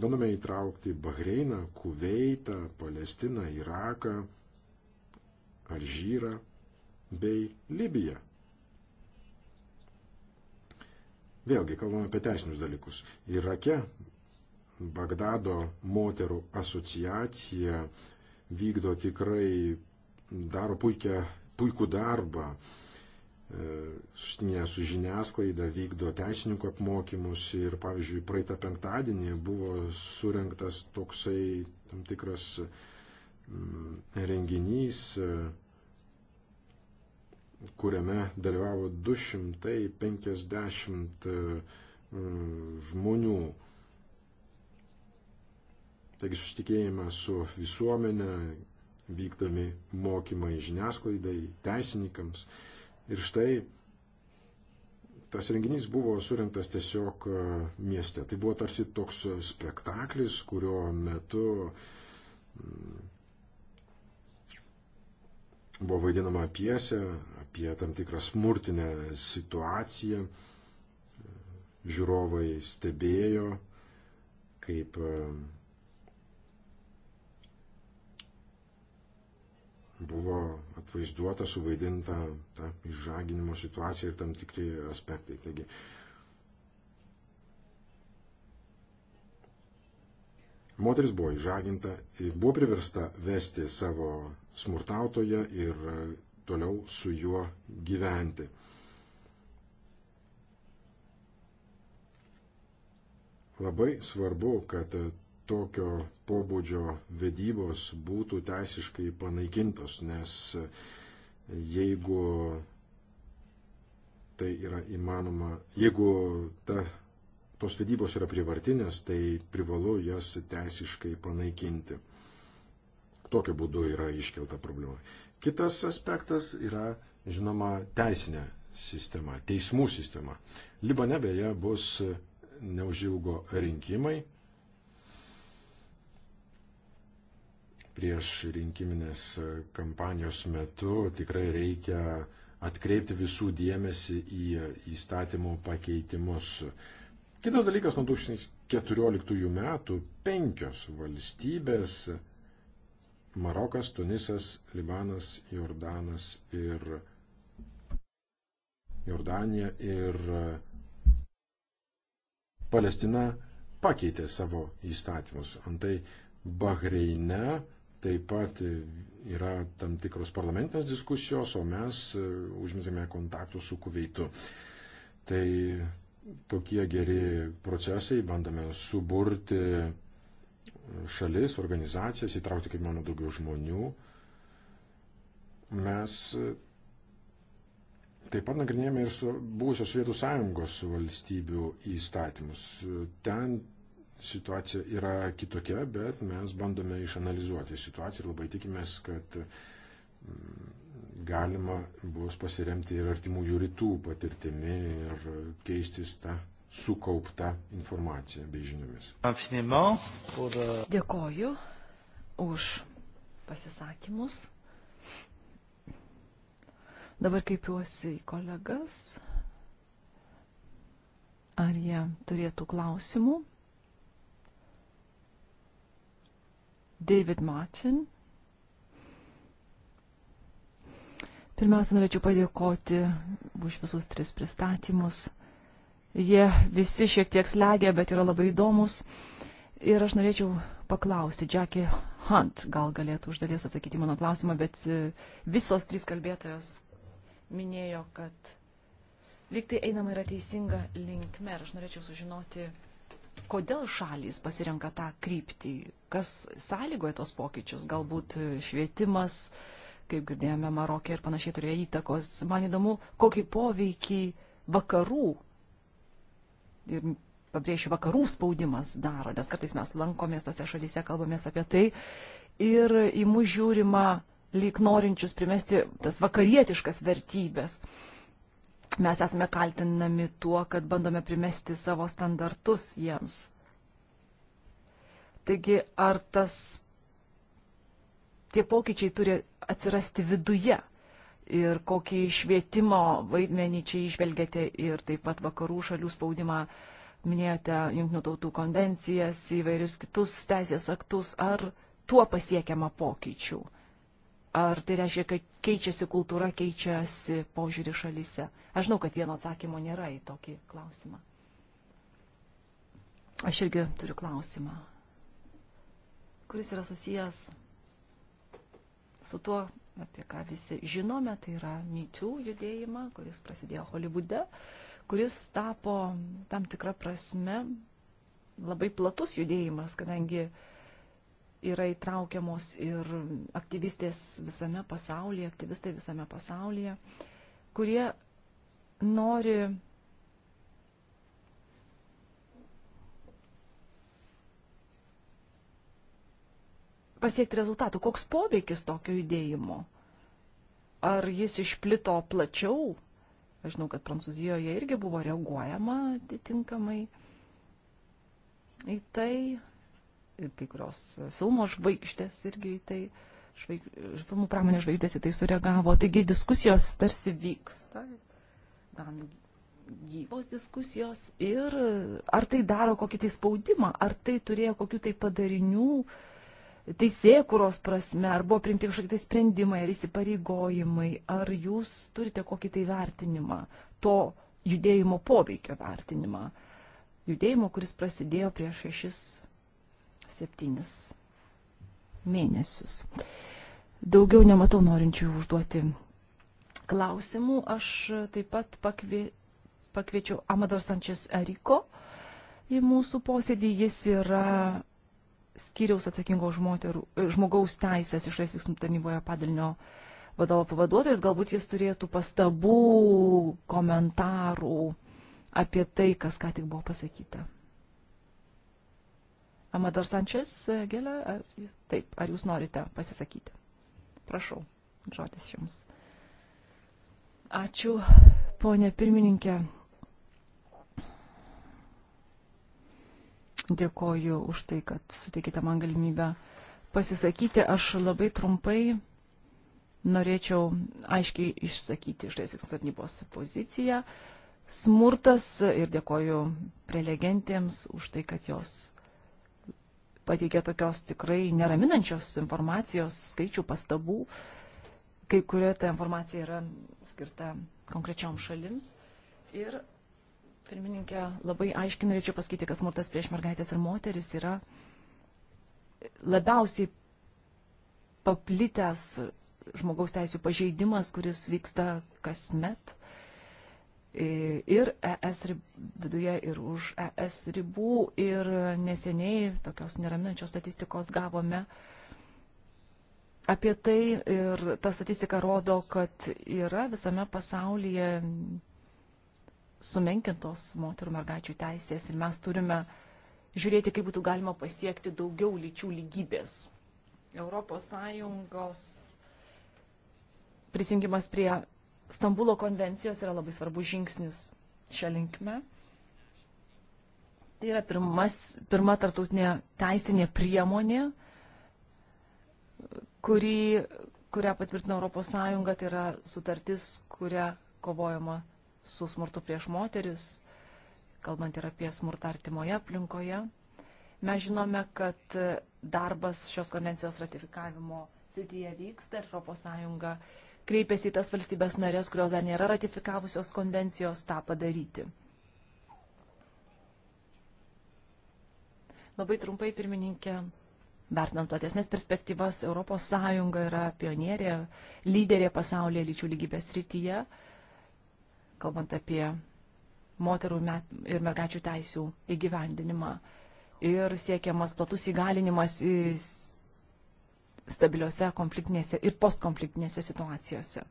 bandome įtraukti Bahreiną, Kuveitą, Palestiną, Iraką, Alžyrą bei Libija. Vėlgi, kalbame apie teisinius dalykus. Irake Bagdado moterų asociacija vykdo tikrai, daro puikia, puikų darbą, e, sustinė su žiniasklaida, vykdo teisininkų apmokymus ir, pavyzdžiui, praeitą penktadienį buvo surinktas toksai tam tikras mm, renginys e, kuriame dalyvavo 250 e, žmonių. Taigi susitikėjimą su visuomenė, vykdomi mokymai žiniasklaidai, teisininkams. Ir štai tas renginys buvo surinktas tiesiog e, mieste. Tai buvo tarsi toks spektaklis, kurio metu buvo vaidinama piesė apie tam tikrą smurtinę situaciją. Žiūrovai stebėjo, kaip e, buvo atvaizduota, suvaidinta ta išžaginimo situacija ir tam tikri aspektai. Taigi, Moteris buvo išžaginta, buvo priversta vesti savo smurtautoje ir toliau su juo gyventi. Labai svarbu, kad tokio pobūdžio vedybos būtų teisiškai panaikintos, nes jeigu tai yra įmanoma, jeigu ta, tos vedybos yra privartinės, tai privalu jas teisiškai panaikinti. Tokiu būdu yra iškelta problema. Kitas aspektas yra, žinoma, teisinė sistema, teismų sistema. Libane beje bus neužilgo rinkimai. Prieš rinkiminės kampanijos metu tikrai reikia atkreipti visų dėmesį į įstatymų pakeitimus. Kitas dalykas, nuo 2014 metų penkios valstybės Marokas, Tunisas, Libanas, Jordanas ir Jordanija ir e, Palestina pakeitė savo įstatymus. Antai Bahreine taip pat yra tam tikros parlamentinės diskusijos, o mes e, užmėtėme kontaktų su Kuveitu. Tai tokie geri procesai, bandome suburti šalis, organizacijas, įtraukti kaip mano daugiau žmonių. Mes taip pat nagrinėjame ir su buvusios Vietų sąjungos valstybių įstatymus. Ten situacija yra kitokia, bet mes bandome išanalizuoti situaciją ir labai tikimės, kad mm, galima bus pasiremti ir artimųjų rytų patirtimi ir keistis tą sukaupta informacija bei žiniomis. Euh, Dėkoju už pasisakymus. Dabar kreipiuosi į kolegas. Ar jie turėtų klausimų? David Martin. Pirmiausia, norėčiau padėkoti už visus tris pristatymus. Jie visi šiek tiek slegia, bet yra labai įdomus. Ir aš norėčiau paklausti, Jackie Hunt gal galėtų uždalies atsakyti mano klausimą, bet e, visos trys kalbėtojos minėjo, kad lygtai einama yra teisinga linkme. Ir aš norėčiau sužinoti, kodėl šalys pasirenka tą kryptį, kas sąlygoja tos pokyčius, galbūt e, švietimas, kaip girdėjome, Marokė ir panašiai turėjo įtakos. Man įdomu, kokį poveikį vakarų ir pabrėšiu, vakarų spaudimas daro, nes kartais mes lankomės tose šalyse, kalbamės apie tai ir į mus žiūrima lyg norinčius primesti tas vakarietiškas vertybės. Mes esame kaltinami tuo, kad bandome primesti savo standartus jiems. Taigi, ar tas tie pokyčiai turi atsirasti viduje, ir kokį švietimo vaidmenį čia išvelgėte ir taip pat vakarų šalių spaudimą minėjote Junktinių tautų konvencijas, įvairius kitus teisės aktus, ar tuo pasiekiama pokyčių? Ar tai reiškia, kad keičiasi kultūra, keičiasi požiūrį šalyse? Aš žinau, kad vieno atsakymo nėra į tokį klausimą. Aš irgi turiu klausimą, kuris yra susijęs su tuo, apie ką visi žinome, tai yra myčių judėjimą, kuris prasidėjo Holivude, kuris tapo tam tikrą prasme labai platus judėjimas, kadangi yra įtraukiamos ir aktyvistės visame pasaulyje, aktyvistai visame pasaulyje, kurie nori pasiekti rezultatų? Koks poveikis tokio judėjimo? Ar jis išplito plačiau? Aš žinau, kad Prancūzijoje irgi buvo reaguojama atitinkamai į tai. Ir kai kurios filmo žvaigždės irgi į tai, žvaig... filmų pramonės žvaigždės į tai sureagavo. Taigi diskusijos tarsi vyksta, gan gyvos diskusijos. Ir ar tai daro kokį tai spaudimą, ar tai turėjo kokių tai padarinių uh, teisėkuros prasme, ar buvo primti kažkokie tai sprendimai, ar įsipareigojimai, ar jūs turite kokį tai vertinimą, to judėjimo poveikio vertinimą, judėjimo, kuris prasidėjo prieš šešis, septynis mėnesius. Daugiau nematau norinčių užduoti klausimų. Aš taip pat pakvie, pakviečiau Amador Sančias Eriko į mūsų posėdį. Jis yra skyriaus atsakingo moterų, e, žmogaus teisės išrais veiksmų tarnyboje padalinio vadovo pavaduotojas, galbūt jis turėtų pastabų, komentarų apie tai, kas ką tik buvo pasakyta. Amador Sančes, e, Gėlė, ar, taip, ar jūs norite pasisakyti? Prašau, žodis jums. Ačiū, ponė pirmininkė, Dėkoju už tai, kad suteikite man galimybę pasisakyti. Aš labai trumpai norėčiau aiškiai išsakyti iš Teisės tarnybos poziciją. Smurtas ir dėkoju prelegentėms už tai, kad jos pateikė tokios tikrai neraminančios informacijos, skaičių, pastabų, kai kurioje ta informacija yra skirta konkrečioms šalims. Ir Pirmininkė, labai aiškiai norėčiau pasakyti, kad smurtas prieš mergaitės ir moteris yra labiausiai paplitęs žmogaus teisų pažeidimas, kuris vyksta kasmet ir ES viduje, ir už ES ribų. Ir neseniai tokios neraminančios statistikos gavome apie tai ir ta statistika rodo, kad yra visame pasaulyje sumenkintos moterų mergaičių teisės ir mes turime žiūrėti, kaip būtų galima pasiekti daugiau lyčių lygybės. ES prisijungimas prie Stambulo konvencijos yra labai svarbus žingsnis šią linkmę. Tai yra pirmas, pirma tartautinė teisinė priemonė, kuri, kurią patvirtino ES, tai yra sutartis, kuria kovojama su smurtu prieš moteris, kalbant ir apie smurtą artimoje aplinkoje. Mes žinome, kad darbas šios konvencijos ratifikavimo srityje vyksta ir ES kreipėsi į tas valstybės narės, kurios dar nėra ratifikavusios konvencijos, tą padaryti. Labai trumpai, pirmininkė, vertinant platesnės perspektyvas, ES yra pionierė, lyderė pasaulyje lyčių lygybės rytyje kalbant apie moterų ir mergačių teisų įgyvendinimą. Ir siekiamas platus įgalinimas stabiliuose konfliktinėse ir postkonfliktinėse situacijose.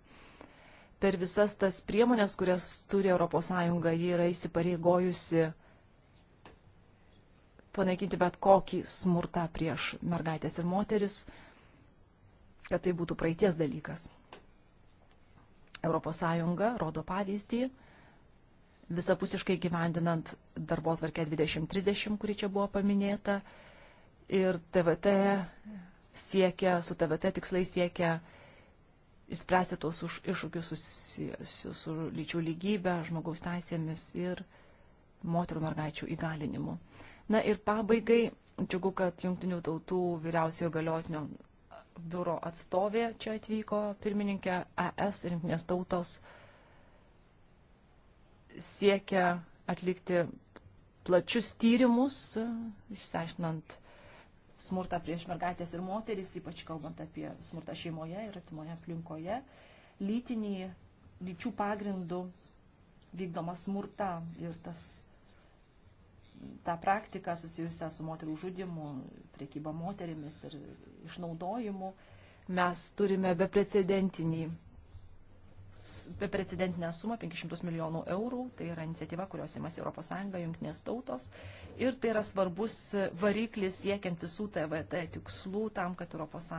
Per visas tas priemonės, kurias turi ES, ji yra įsipareigojusi panaikinti bet kokį smurtą prieš mergaitės ir moteris, kad tai būtų praeities dalykas. ES rodo pavyzdį, visapusiškai gyvendinant darbo atvarkę 2030, kuri čia buvo paminėta. Ir TVT siekia, su TVT tikslai siekia išspręsti tos už, iššūkius susijusius su lyčių lygybė, žmogaus teisėmis ir moterų mergaičių įgalinimu. Na ir pabaigai, džiugu, kad Junktinių tautų vyriausiojo galiotinio biuro atstovė čia atvyko, pirmininkė ES ir jungtinės tautos siekia atlikti plačius tyrimus, išsiaiškinant smurtą prieš mergaitės ir moteris, ypač kalbant apie smurtą šeimoje ir artimoje aplinkoje, lytinį, lyčių pagrindų vykdomą smurtą ir tas tą praktiką susijusią su moterų žudimu, priekyba moterimis ir išnaudojimu, mes turime beprecedentinį beprecedentinę sumą 500 milijonų eurų. Tai yra iniciatyva, kurios imasi ES, jungtinės tautos. Ir tai yra svarbus variklis siekiant visų TVT tikslų tam, kad ES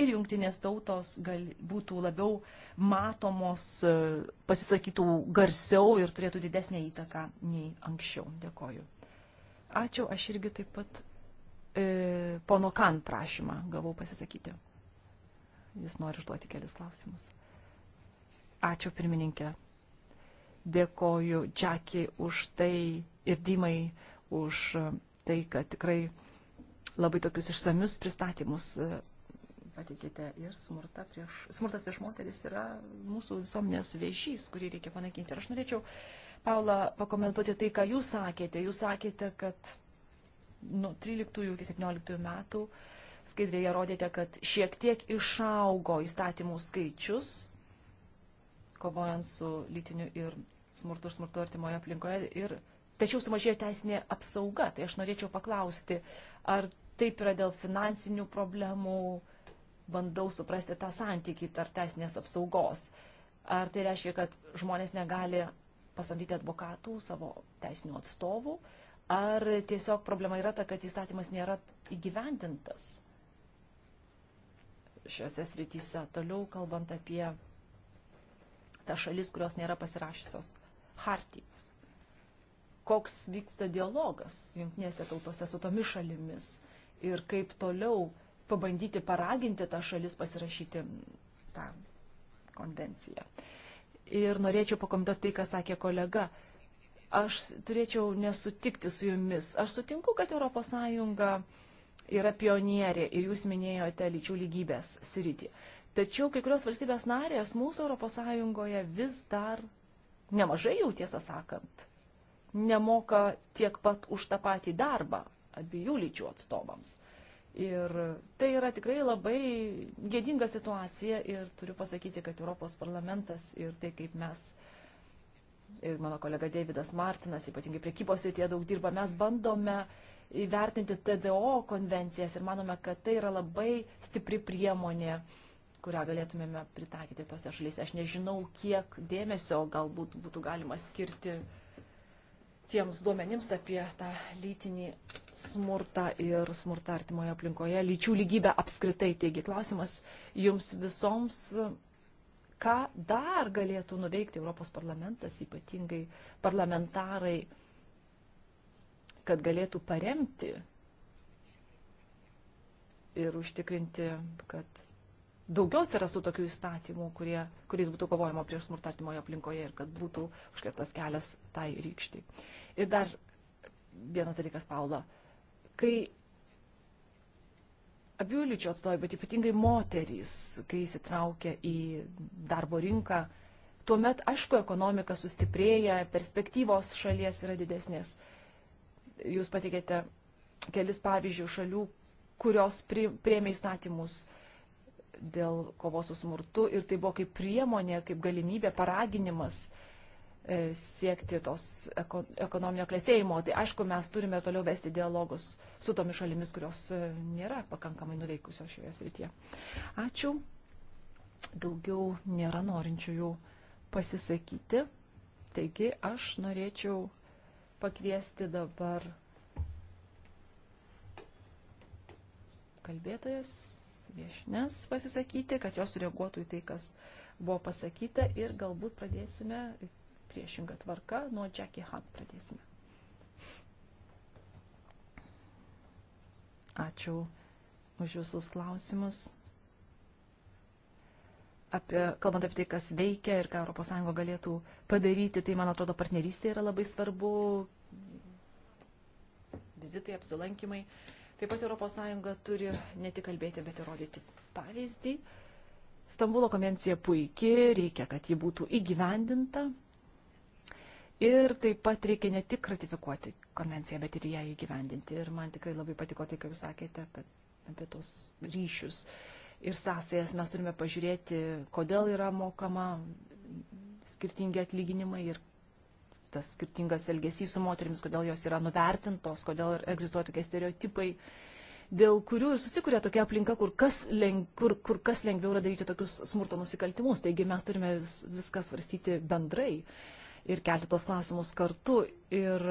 ir jungtinės tautos gal, būtų labiau matomos, e, pasisakytų garsiau ir turėtų didesnę įtaką nei anksčiau. Dėkoju. Ačiū, aš irgi taip pat e, pono Kan prašymą gavau pasisakyti. Jis nori užduoti kelis klausimus. Ačiū pirmininkė. Dėkoju Džekį už tai ir Dymai už tai, kad tikrai labai tokius išsamius pristatymus e, pateikėte. Ir smurta prieš, smurtas prieš moteris yra mūsų visuomenės viešys, kurį reikia panaikinti. Ir aš norėčiau, Paula, pakomentuoti tai, ką jūs sakėte. Jūs sakėte, kad nuo 13 iki 17 metų skaidrėje rodėte, kad šiek tiek išaugo įstatymų skaičius kovojant su lytiniu ir smurtu ir smurtu artimoje aplinkoje. Ir, tačiau sumažėjo teisinė apsauga. Tai aš norėčiau paklausti, ar taip yra dėl finansinių problemų, bandau suprasti tą santykį tarp teisinės apsaugos. Ar tai reiškia, kad žmonės negali pasamdyti advokatų, savo teisinių atstovų, ar tiesiog problema yra ta, kad įstatymas nėra įgyvendintas šiuose srityse. Toliau kalbant apie ta šalis, kurios nėra pasirašysios hartijos. Koks vyksta dialogas jungtinėse tautose su tomis šalimis ir kaip toliau pabandyti paraginti tą šalis pasirašyti tą konvenciją. Ir norėčiau pakomentuoti tai, ką sakė kolega. Aš turėčiau nesutikti su jumis. Aš sutinku, kad ES yra pionierė ir jūs minėjote lyčių lygybės sritį. Tačiau kai kurios valstybės narės mūsų ES vis dar nemažai jau tiesą sakant nemoka tiek pat už tą patį darbą abiejų lyčių atstovams. Ir tai yra tikrai labai gėdinga situacija ir turiu pasakyti, kad Europos parlamentas ir tai, kaip mes ir mano kolega Davidas Martinas, ypatingai priekybos srityje daug dirba, mes bandome įvertinti TDO konvencijas ir manome, kad tai yra labai stipri priemonė uh, kurią galėtumėme pritaikyti tose šalyse. Aš nežinau, kiek dėmesio galbūt būtų galima skirti tiems duomenims apie tą lytinį smurtą ir smurtą artimoje aplinkoje, lyčių lygybę apskritai. Taigi klausimas jums visoms, ką dar galėtų nuveikti Europos parlamentas, ypatingai parlamentarai, kad galėtų paremti ir užtikrinti, kad daugiau atsirastų tokių įstatymų, kurie, kuriais būtų kovojama prieš smurtą artimoje aplinkoje ir kad būtų užkirtas kelias tai rykštai. Ir dar vienas dalykas, Paula. Kai abiejų lyčių atstovai, bet ypatingai moterys, kai įsitraukia į darbo rinką, tuomet, aišku, ekonomika sustiprėja, perspektyvos šalies yra didesnės. Jūs patikėte kelis pavyzdžių šalių, kurios priėmė įstatymus uh, dėl kovos su smurtu ir tai buvo kaip priemonė, kaip galimybė, paraginimas e, siekti tos ekonominio klėstėjimo. Tai aišku, mes turime toliau vesti dialogus su tomis šalimis, kurios e, nėra pakankamai nuveikusios šioje srityje. Ačiū. Daugiau nėra norinčiųjų pasisakyti. Taigi aš norėčiau pakviesti dabar kalbėtojas viešnes pasisakyti, kad jos reaguotų į tai, kas buvo pasakyta ir galbūt pradėsime priešingą tvarką, nuo Jackie Hunt pradėsime. Ačiū už Jūsus klausimus. Apie, kalbant apie tai, kas veikia ir ką ES galėtų padaryti, tai, man atrodo, partnerystė yra labai svarbu, vizitai, apsilankimai. Uh, Taip pat ES turi ne tik kalbėti, bet ir rodyti pavyzdį. Stambulo konvencija puikiai, reikia, kad ji būtų įgyvendinta. Ir taip pat reikia ne tik ratifikuoti konvenciją, bet ir ją įgyvendinti. Ir man tikrai labai patiko tai, ką jūs sakėte kad, apie tos ryšius ir sąsajas. Mes turime pažiūrėti, kodėl yra mokama skirtingi atlyginimai ir tas skirtingas elgesys su moterimis, kodėl jos yra nuvertintos, kodėl egzistuoja tokie stereotipai, dėl kurių ir susikuria tokia aplinka, kur kas, leng, kur, kur kas lengviau yra daryti tokius smurto nusikaltimus. Taigi mes turime vis, viską svarstyti bendrai ir kelti tos klausimus kartu. Ir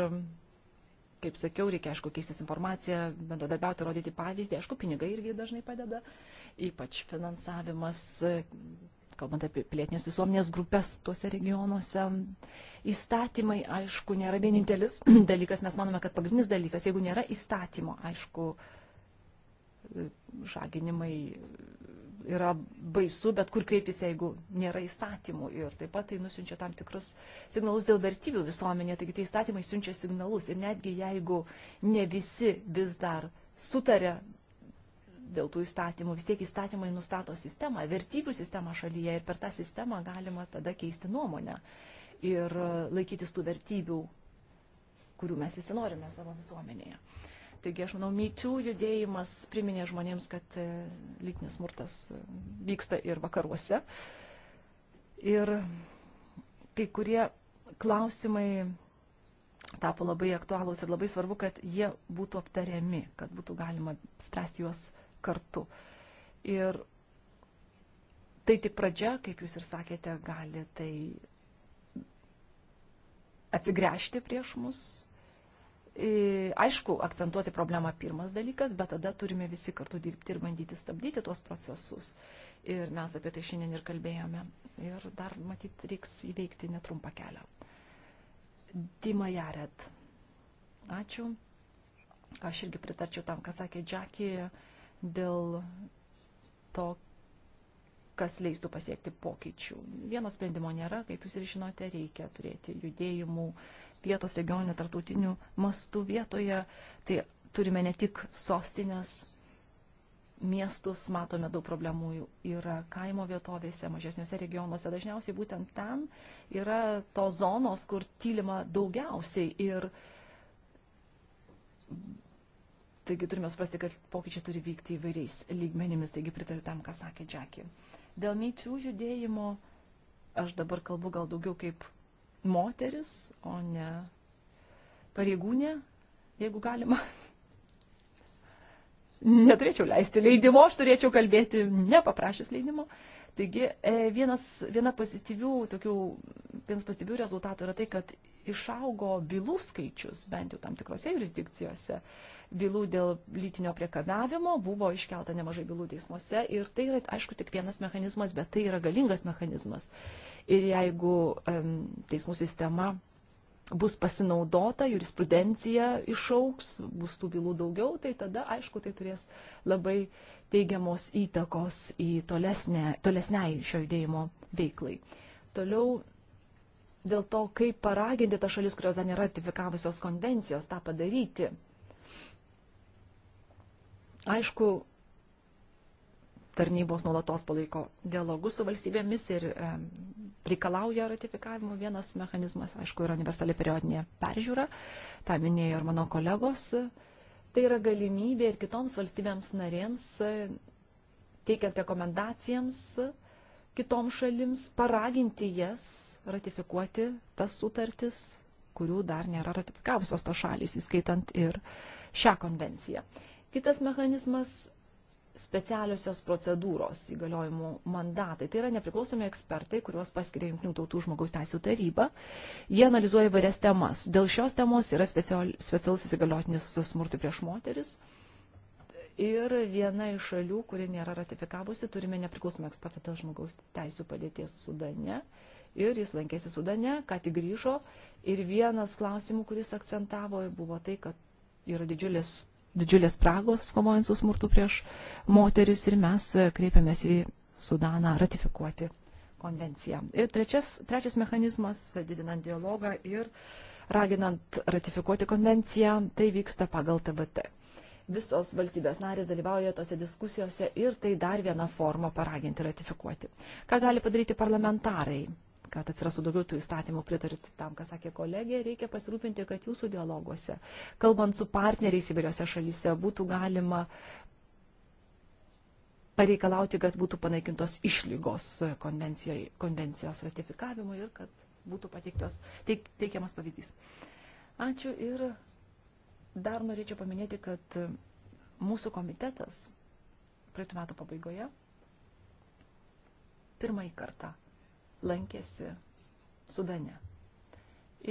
kaip sakiau, reikia, aišku, keistis informaciją, bendradarbiauti, rodyti pavyzdį. Aišku, pinigai irgi dažnai padeda, ypač finansavimas kalbant apie pilietinės visuomenės grupės tuose regionuose. Įstatymai, aišku, nėra vienintelis dalykas, mes manome, kad pagrindinis dalykas, jeigu nėra įstatymo, aišku, žaginimai yra baisu, bet kur kreiptis, jeigu nėra įstatymų. Ir taip pat tai nusinčia tam tikrus signalus dėl vertybių visuomenėje, taigi tie įstatymai siunčia signalus. Ir netgi jeigu ne visi vis dar sutarė dėl tų įstatymų. Vis tiek įstatymai nustato sistemą, vertybių sistemą šalyje ir per tą sistemą galima tada keisti nuomonę ir laikytis tų vertybių, kurių mes visi norime savo visuomenėje. Taigi aš manau, myčių judėjimas priminė žmonėms, kad e, lytinis smurtas e, vyksta ir vakaruose. Ir kai kurie klausimai tapo labai aktualūs ir labai svarbu, kad jie būtų aptariami, kad būtų galima spręsti juos kartu. Ir tai tik pradžia, kaip jūs ir sakėte, gali tai atsigręžti prieš mus. E, aišku, akcentuoti problemą pirmas dalykas, bet tada turime visi kartu dirbti ir bandyti stabdyti tuos procesus. Ir mes apie tai šiandien ir kalbėjome. Ir dar, matyt, reiks įveikti netrumpą kelią. Dima Jaret. Ačiū. Aš irgi pritarčiau tam, ką sakė Džekija dėl to, kas leistų pasiekti pokyčių. Vieno sprendimo nėra, kaip jūs ir žinote, reikia turėti judėjimų vietos regioninių tartutinių mastų vietoje. Tai turime ne tik sostinės miestus, matome daug problemų yra kaimo vietovėse, mažesniuose regionuose. Dažniausiai būtent ten yra tos zonos, kur tylima daugiausiai ir Taigi turime suprasti, kad pokyčiai turi vykti įvairiais lygmenimis, taigi pritariu tam, ką sakė Džekė. Dėl myčių judėjimo aš dabar kalbu gal daugiau kaip moteris, o ne pareigūnė, jeigu galima. Neturėčiau leisti leidimo, aš turėčiau kalbėti nepaprašęs leidimo. Taigi e, vienas, viena pozityvių, tokių, vienas pozityvių rezultatų yra tai, kad išaugo bylų skaičius, bent jau tam tikrose jurisdikcijose. Uh, bylų dėl lytinio priekabiavimo, buvo iškelta nemažai bylų teismuose ir tai yra, aišku, tik vienas mechanizmas, bet tai yra galingas mechanizmas. Ir jeigu um, teismų sistema bus pasinaudota, jurisprudencija išauks, bus tų bylų daugiau, tai tada, aišku, tai turės labai teigiamos įtakos į tolesnę, tolesniai šio judėjimo veiklai. Toliau dėl to, kaip paraginti tą šalis, kurios dar nėra ratifikavusios konvencijos, tą padaryti. Aišku, tarnybos nuolatos palaiko dialogus su valstybėmis ir e, reikalauja ratifikavimo. Vienas mechanizmas, aišku, yra universali periodinė peržiūra, tą minėjo ir mano kolegos. Tai yra galimybė ir kitoms valstybėms narėms, teikiant rekomendacijams kitoms šalims, paraginti jas ratifikuoti tas sutartis, kurių dar nėra ratifikavusios tos šalys, įskaitant ir šią konvenciją. Kitas mechanizmas - specialiosios procedūros įgaliojimų mandatai. Tai yra nepriklausomi ekspertai, kuriuos paskiria Junktinių tautų žmogaus teisų taryba. Jie analizuoja įvairias temas. Dėl šios temos yra specialus įsigaliotinis smurtui prieš moteris. Ir viena iš šalių, kuri nėra ratifikavusi, turime nepriklausomą ekspertą dėl žmogaus teisų padėties Sudane. Ir jis lankėsi Sudane, ką tik grįžo. Ir vienas klausimų, kuris akcentavo, buvo tai, kad yra didžiulis didžiulės spragos, kovojant su smurtu prieš moteris ir mes kreipiamės į Sudaną ratifikuoti konvenciją. Ir trečias, trečias mechanizmas, didinant dialogą ir raginant ratifikuoti konvenciją, tai vyksta pagal TBT. Visos valstybės narės dalyvauja tose diskusijose ir tai dar viena forma paraginti ratifikuoti. Ką gali padaryti parlamentarai? kad atsirastų daugiau tų įstatymų pritarti tam, ką sakė kolegė, reikia pasirūpinti, kad jūsų dialoguose, kalbant su partneriais įvairiose šalyse, būtų galima pareikalauti, kad būtų panaikintos išlygos konvencijos ratifikavimui ir kad būtų pateiktas, teik, teikiamas pavyzdys. Ačiū ir dar norėčiau paminėti, kad mūsų komitetas praeitų metų pabaigoje pirmąjį kartą lankėsi Sudane.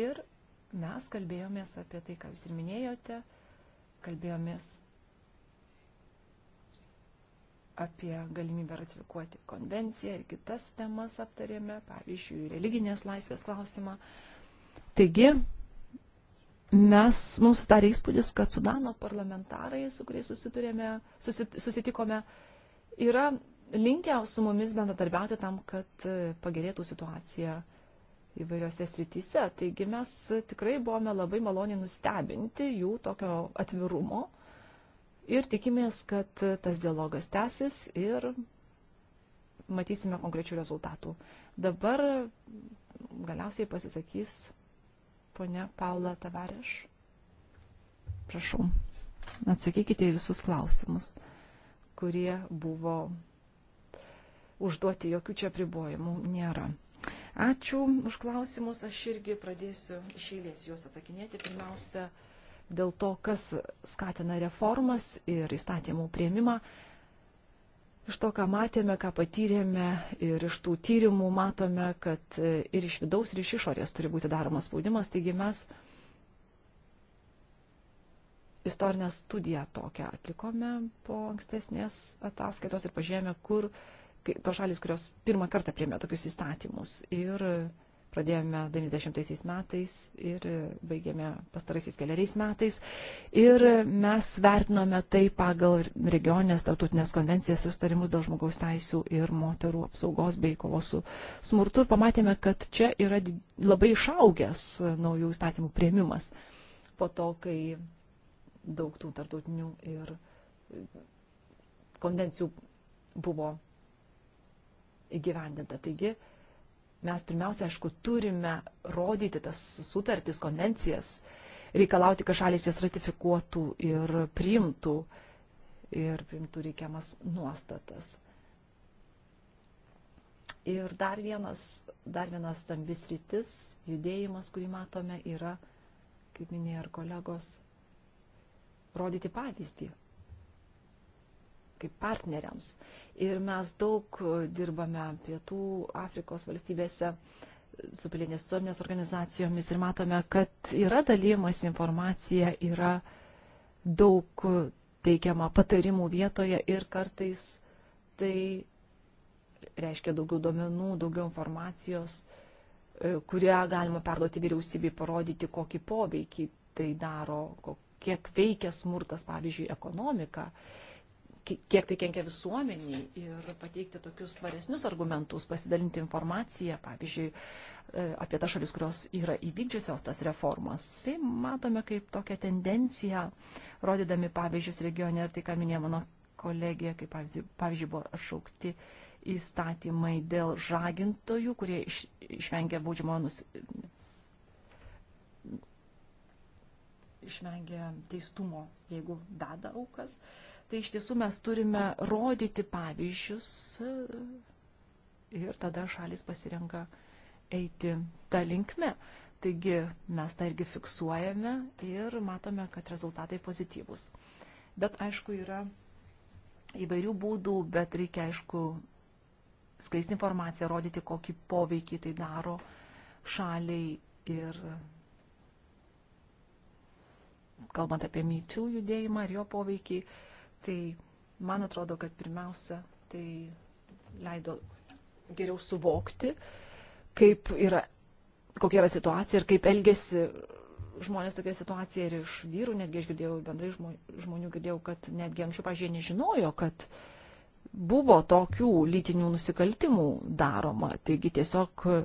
Ir mes kalbėjomės apie tai, ką jūs ir minėjote, kalbėjomės apie galimybę ratifikuoti konvenciją ir kitas temas aptarėme, pavyzdžiui, religinės laisvės klausimą. Taigi, mes, mums darė įspūdis, kad Sudano parlamentarai, su kuriais susitikome, yra linkę su mumis bendradarbiauti tam, kad e, pagerėtų situacija įvairiose srityse. Taigi mes e, tikrai buvome labai maloniai nustebinti jų tokio atvirumo ir tikimės, kad e, tas dialogas tęsis ir matysime konkrečių rezultatų. Dabar galiausiai pasisakys ponia Paula Tavareš. Prašau, atsakykite į visus klausimus, kurie buvo užduoti jokių čia pribojimų nėra. Ačiū už klausimus, aš irgi pradėsiu iš eilės juos atsakinėti. Pirmiausia, dėl to, kas skatina reformas ir įstatymų prieimimą. Iš to, ką matėme, ką patyrėme ir iš tų tyrimų matome, kad ir iš vidaus, ir iš išorės turi būti daromas spaudimas. Taigi mes istorinę studiją tokią atlikome po ankstesnės ataskaitos ir pažiūrėjome, kur uh, tos šalis, kurios pirmą kartą priemė tokius įstatymus. Ir pradėjome 90 metais ir baigėme pastaraisiais keliariais metais. Ir mes vertinome tai pagal regionės tarptautinės konvencijas ir starimus dėl žmogaus teisų ir moterų apsaugos bei kovos su smurtu. Ir pamatėme, kad čia yra labai išaugęs naujų įstatymų prieimimas po to, kai daug tų tarptautinių ir konvencijų buvo įgyvendinta. Taigi mes pirmiausia, aišku, turime rodyti tas sutartis, konvencijas, reikalauti, kad šalis jas ratifikuotų ir priimtų ir priimtų reikiamas nuostatas. Ir dar vienas, dar vienas stambis rytis, judėjimas, kurį matome, yra, kaip minėjo ir kolegos, rodyti pavyzdį kaip partneriams. Ir mes daug dirbame pietų Afrikos valstybėse su pilietinės visuomenės organizacijomis ir matome, kad yra dalymas informacija, yra daug teikiama patarimų vietoje ir kartais tai reiškia daugiau duomenų, daugiau informacijos, e, kurią galima perduoti vyriausybei, parodyti, kokį poveikį tai daro, kiek veikia smurtas, pavyzdžiui, ekonomika kiek tai kenkia visuomeniai ir pateikti tokius svaresnius argumentus, pasidalinti informaciją, pavyzdžiui, e, apie tas šalis, kurios yra įvykdžiusios tas reformas. Tai matome kaip tokią tendenciją, rodydami pavyzdžius regione ir tai, ką minėjo mano kolegija, kaip pavyzdžiui, pavyzdžiui buvo atšaukti įstatymai dėl žagintojų, kurie iš, išvengia baudžiamojo nus... išvengia teistumo, jeigu veda aukas. Uh, tai iš tiesų mes turime rodyti pavyzdžius e, ir tada šalis pasirenka eiti tą linkmę. Taigi mes tą irgi fiksuojame ir matome, kad rezultatai pozityvūs. Bet aišku, yra įvairių būdų, bet reikia aišku skleisti informaciją, rodyti, kokį poveikį tai daro šaliai ir kalbant apie myčių judėjimą ir jo poveikį, uh, Tai man atrodo, kad pirmiausia, tai leido geriau suvokti, kaip yra, kokia yra situacija ir kaip elgesi žmonės tokia situacija ir iš vyrų, netgi aš girdėjau, bendrai žmonių girdėjau, kad netgi anksčiau, pažiūrėjau, nežinojo, kad buvo tokių lytinių nusikaltimų daroma. Taigi tiesiog uh,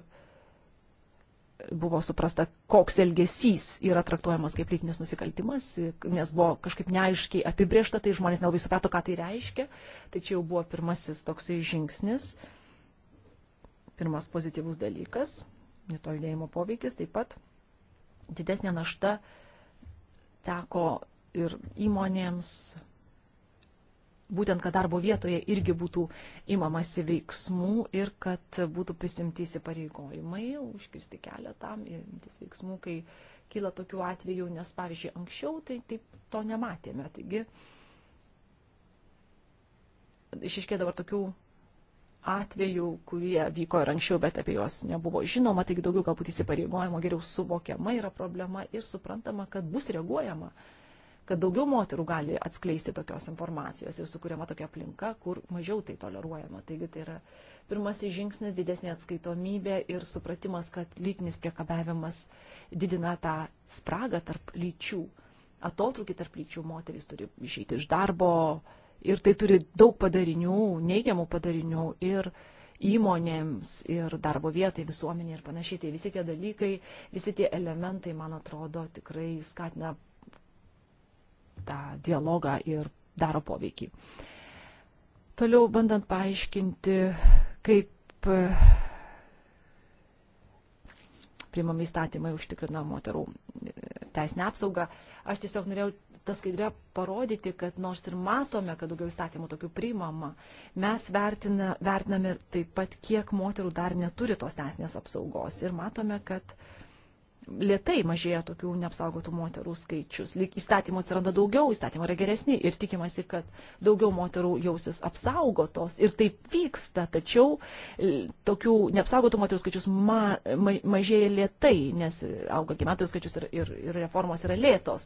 buvo suprasta, koks elgesys yra traktuojamas kaip lytinis nusikaltimas, nes buvo kažkaip neaiškiai apibriešta, tai žmonės nelabai suprato, ką tai reiškia. Tai čia jau buvo pirmasis toksai žingsnis, pirmas pozityvus dalykas, to judėjimo poveikis taip pat. Didesnė našta teko ir įmonėms, būtent, kad darbo vietoje irgi būtų imamasi veiksmų ir kad būtų prisimti įsipareigojimai, užkirsti kelią tam, imtis veiksmų, kai kyla tokių atvejų, nes, pavyzdžiui, anksčiau tai taip to nematėme. Taigi, išiškė dabar tokių atvejų, kurie vyko ir anksčiau, bet apie juos nebuvo žinoma, taigi daugiau galbūt įsipareigojimo geriau suvokiama yra problema ir suprantama, kad bus reaguojama. Uh, kad daugiau moterų gali atskleisti tokios informacijos ir sukūrėma tokia aplinka, kur mažiau tai toleruojama. Taigi tai yra pirmasis žingsnis - didesnė atskaitomybė ir supratimas, kad lytinis priekabiavimas didina tą spragą tarp lyčių, atotrukį tarp lyčių, moteris turi išeiti iš darbo ir tai turi daug padarinių, neigiamų padarinių ir įmonėms ir darbo vietai, visuomenė ir panašiai. Tai visi tie dalykai, visi tie elementai, man atrodo, tikrai skatina tą dialogą ir daro poveikį. Toliau bandant paaiškinti, kaip e, priimami įstatymai užtikrina moterų e, teisinę apsaugą. Aš tiesiog norėjau tą skaidrę parodyti, kad nors ir matome, kad daugiau įstatymų tokių priimama, mes vertina, vertiname taip pat, kiek moterų dar neturi tos teisinės apsaugos. Ir matome, kad uh, lietai mažėja tokių neapsaugotų moterų skaičius. Lyg įstatymų atsiranda daugiau, įstatymai yra geresni ir tikimasi, kad daugiau moterų jausis apsaugotos. Ir taip vyksta, tačiau e, tokių neapsaugotų moterų skaičius ma, ma, mažėja lietai, nes auga gyventojų skaičius ir, ir, ir reformos yra lėtos.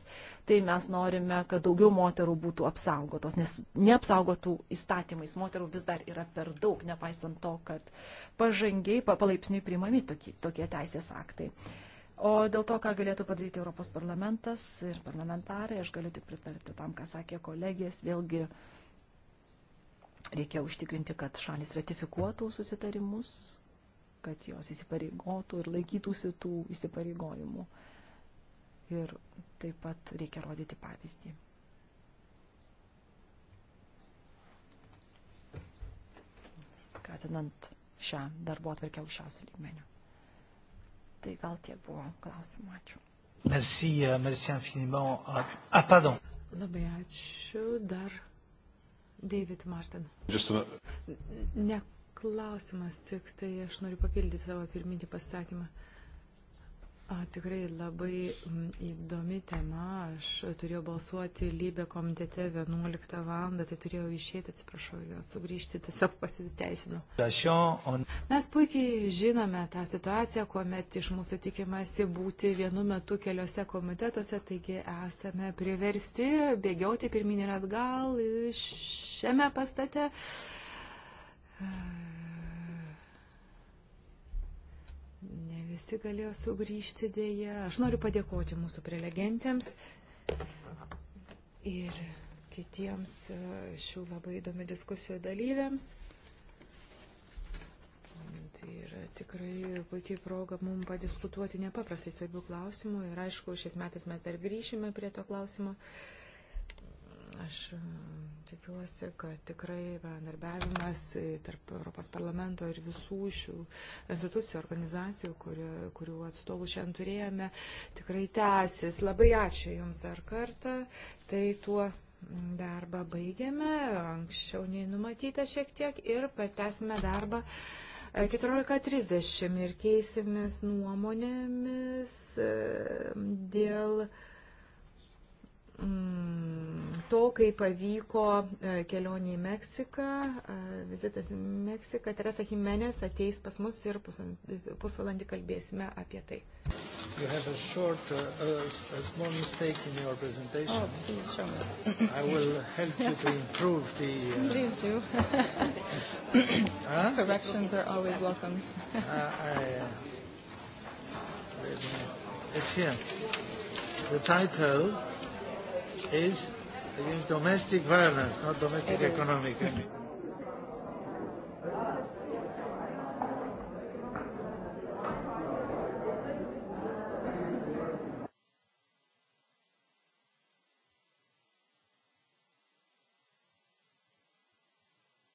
Tai mes norime, kad daugiau moterų būtų apsaugotos, nes neapsaugotų įstatymais moterų vis dar yra per daug, nepaisant to, kad pažangiai, palaipsniui priimami tokie, tokie teisės aktai. O dėl to, ką galėtų padaryti Europos parlamentas ir parlamentarai, aš galiu tik pritarti tam, ką sakė kolegijas. Vėlgi reikia užtikrinti, kad šalis ratifikuotų susitarimus, kad jos įsipareigotų ir laikytųsi tų įsipareigojimų. Ir taip pat reikia rodyti pavyzdį. Skatinant šią darbo atvarkę aukščiausių lygmenių. Tai gal tiek buvo klausimų. Ačiū. Merci, euh, merci infiniment. Euh, ah, pardon. Labai ačiū dar. David Martin. A... Ne klausimas, tik tai aš noriu papildyti savo pirminį pasakymą. Uh, Tikrai labai įdomi tema. Aš turėjau balsuoti Lybė komitete 11 val. Tai turėjau išėti, atsiprašau, sugrįžti, tiesiog pasiteisinu. Mes puikiai žinome tą situaciją, kuomet iš mūsų tikimasi būti vienu metu keliose komitetuose, taigi esame priversti bėgioti pirmin ir atgal šiame pastate. Ne visi galėjo sugrįžti dėje. Aš noriu padėkoti mūsų prelegentėms ir kitiems e, šių labai įdomių diskusijų dalyviams. Tai yra tikrai puikiai proga mums padiskutuoti nepaprastai svarbių klausimų ir aišku, šiais metais mes dar grįšime prie to klausimo. Uh, Aš e, tikiuosi, kad tikrai bendarbiavimas e, tarp Europos parlamento ir visų šių institucijų, organizacijų, kurių, kurių atstovų šiandien turėjome, tikrai tęsis. Labai ačiū Jums dar kartą. Tai tuo darbą baigiame, anksčiau nei numatyta šiek tiek ir patęsime darbą 14.30 e, ir keisimės nuomonėmis dėl. Mm, to, kai pavyko e, kelionė į Meksiką, e, vizitas į Meksiką, Teresa Jimenez ateis pas mus ir pusvalandį kalbėsime apie tai. You have a short, uh, a small mistake in your presentation. Oh, please show me. I will help you to improve the... Uh, please do. huh? Corrections are always welcome. uh, I, uh, it's here. The title is against domestic violence, not domestic economic.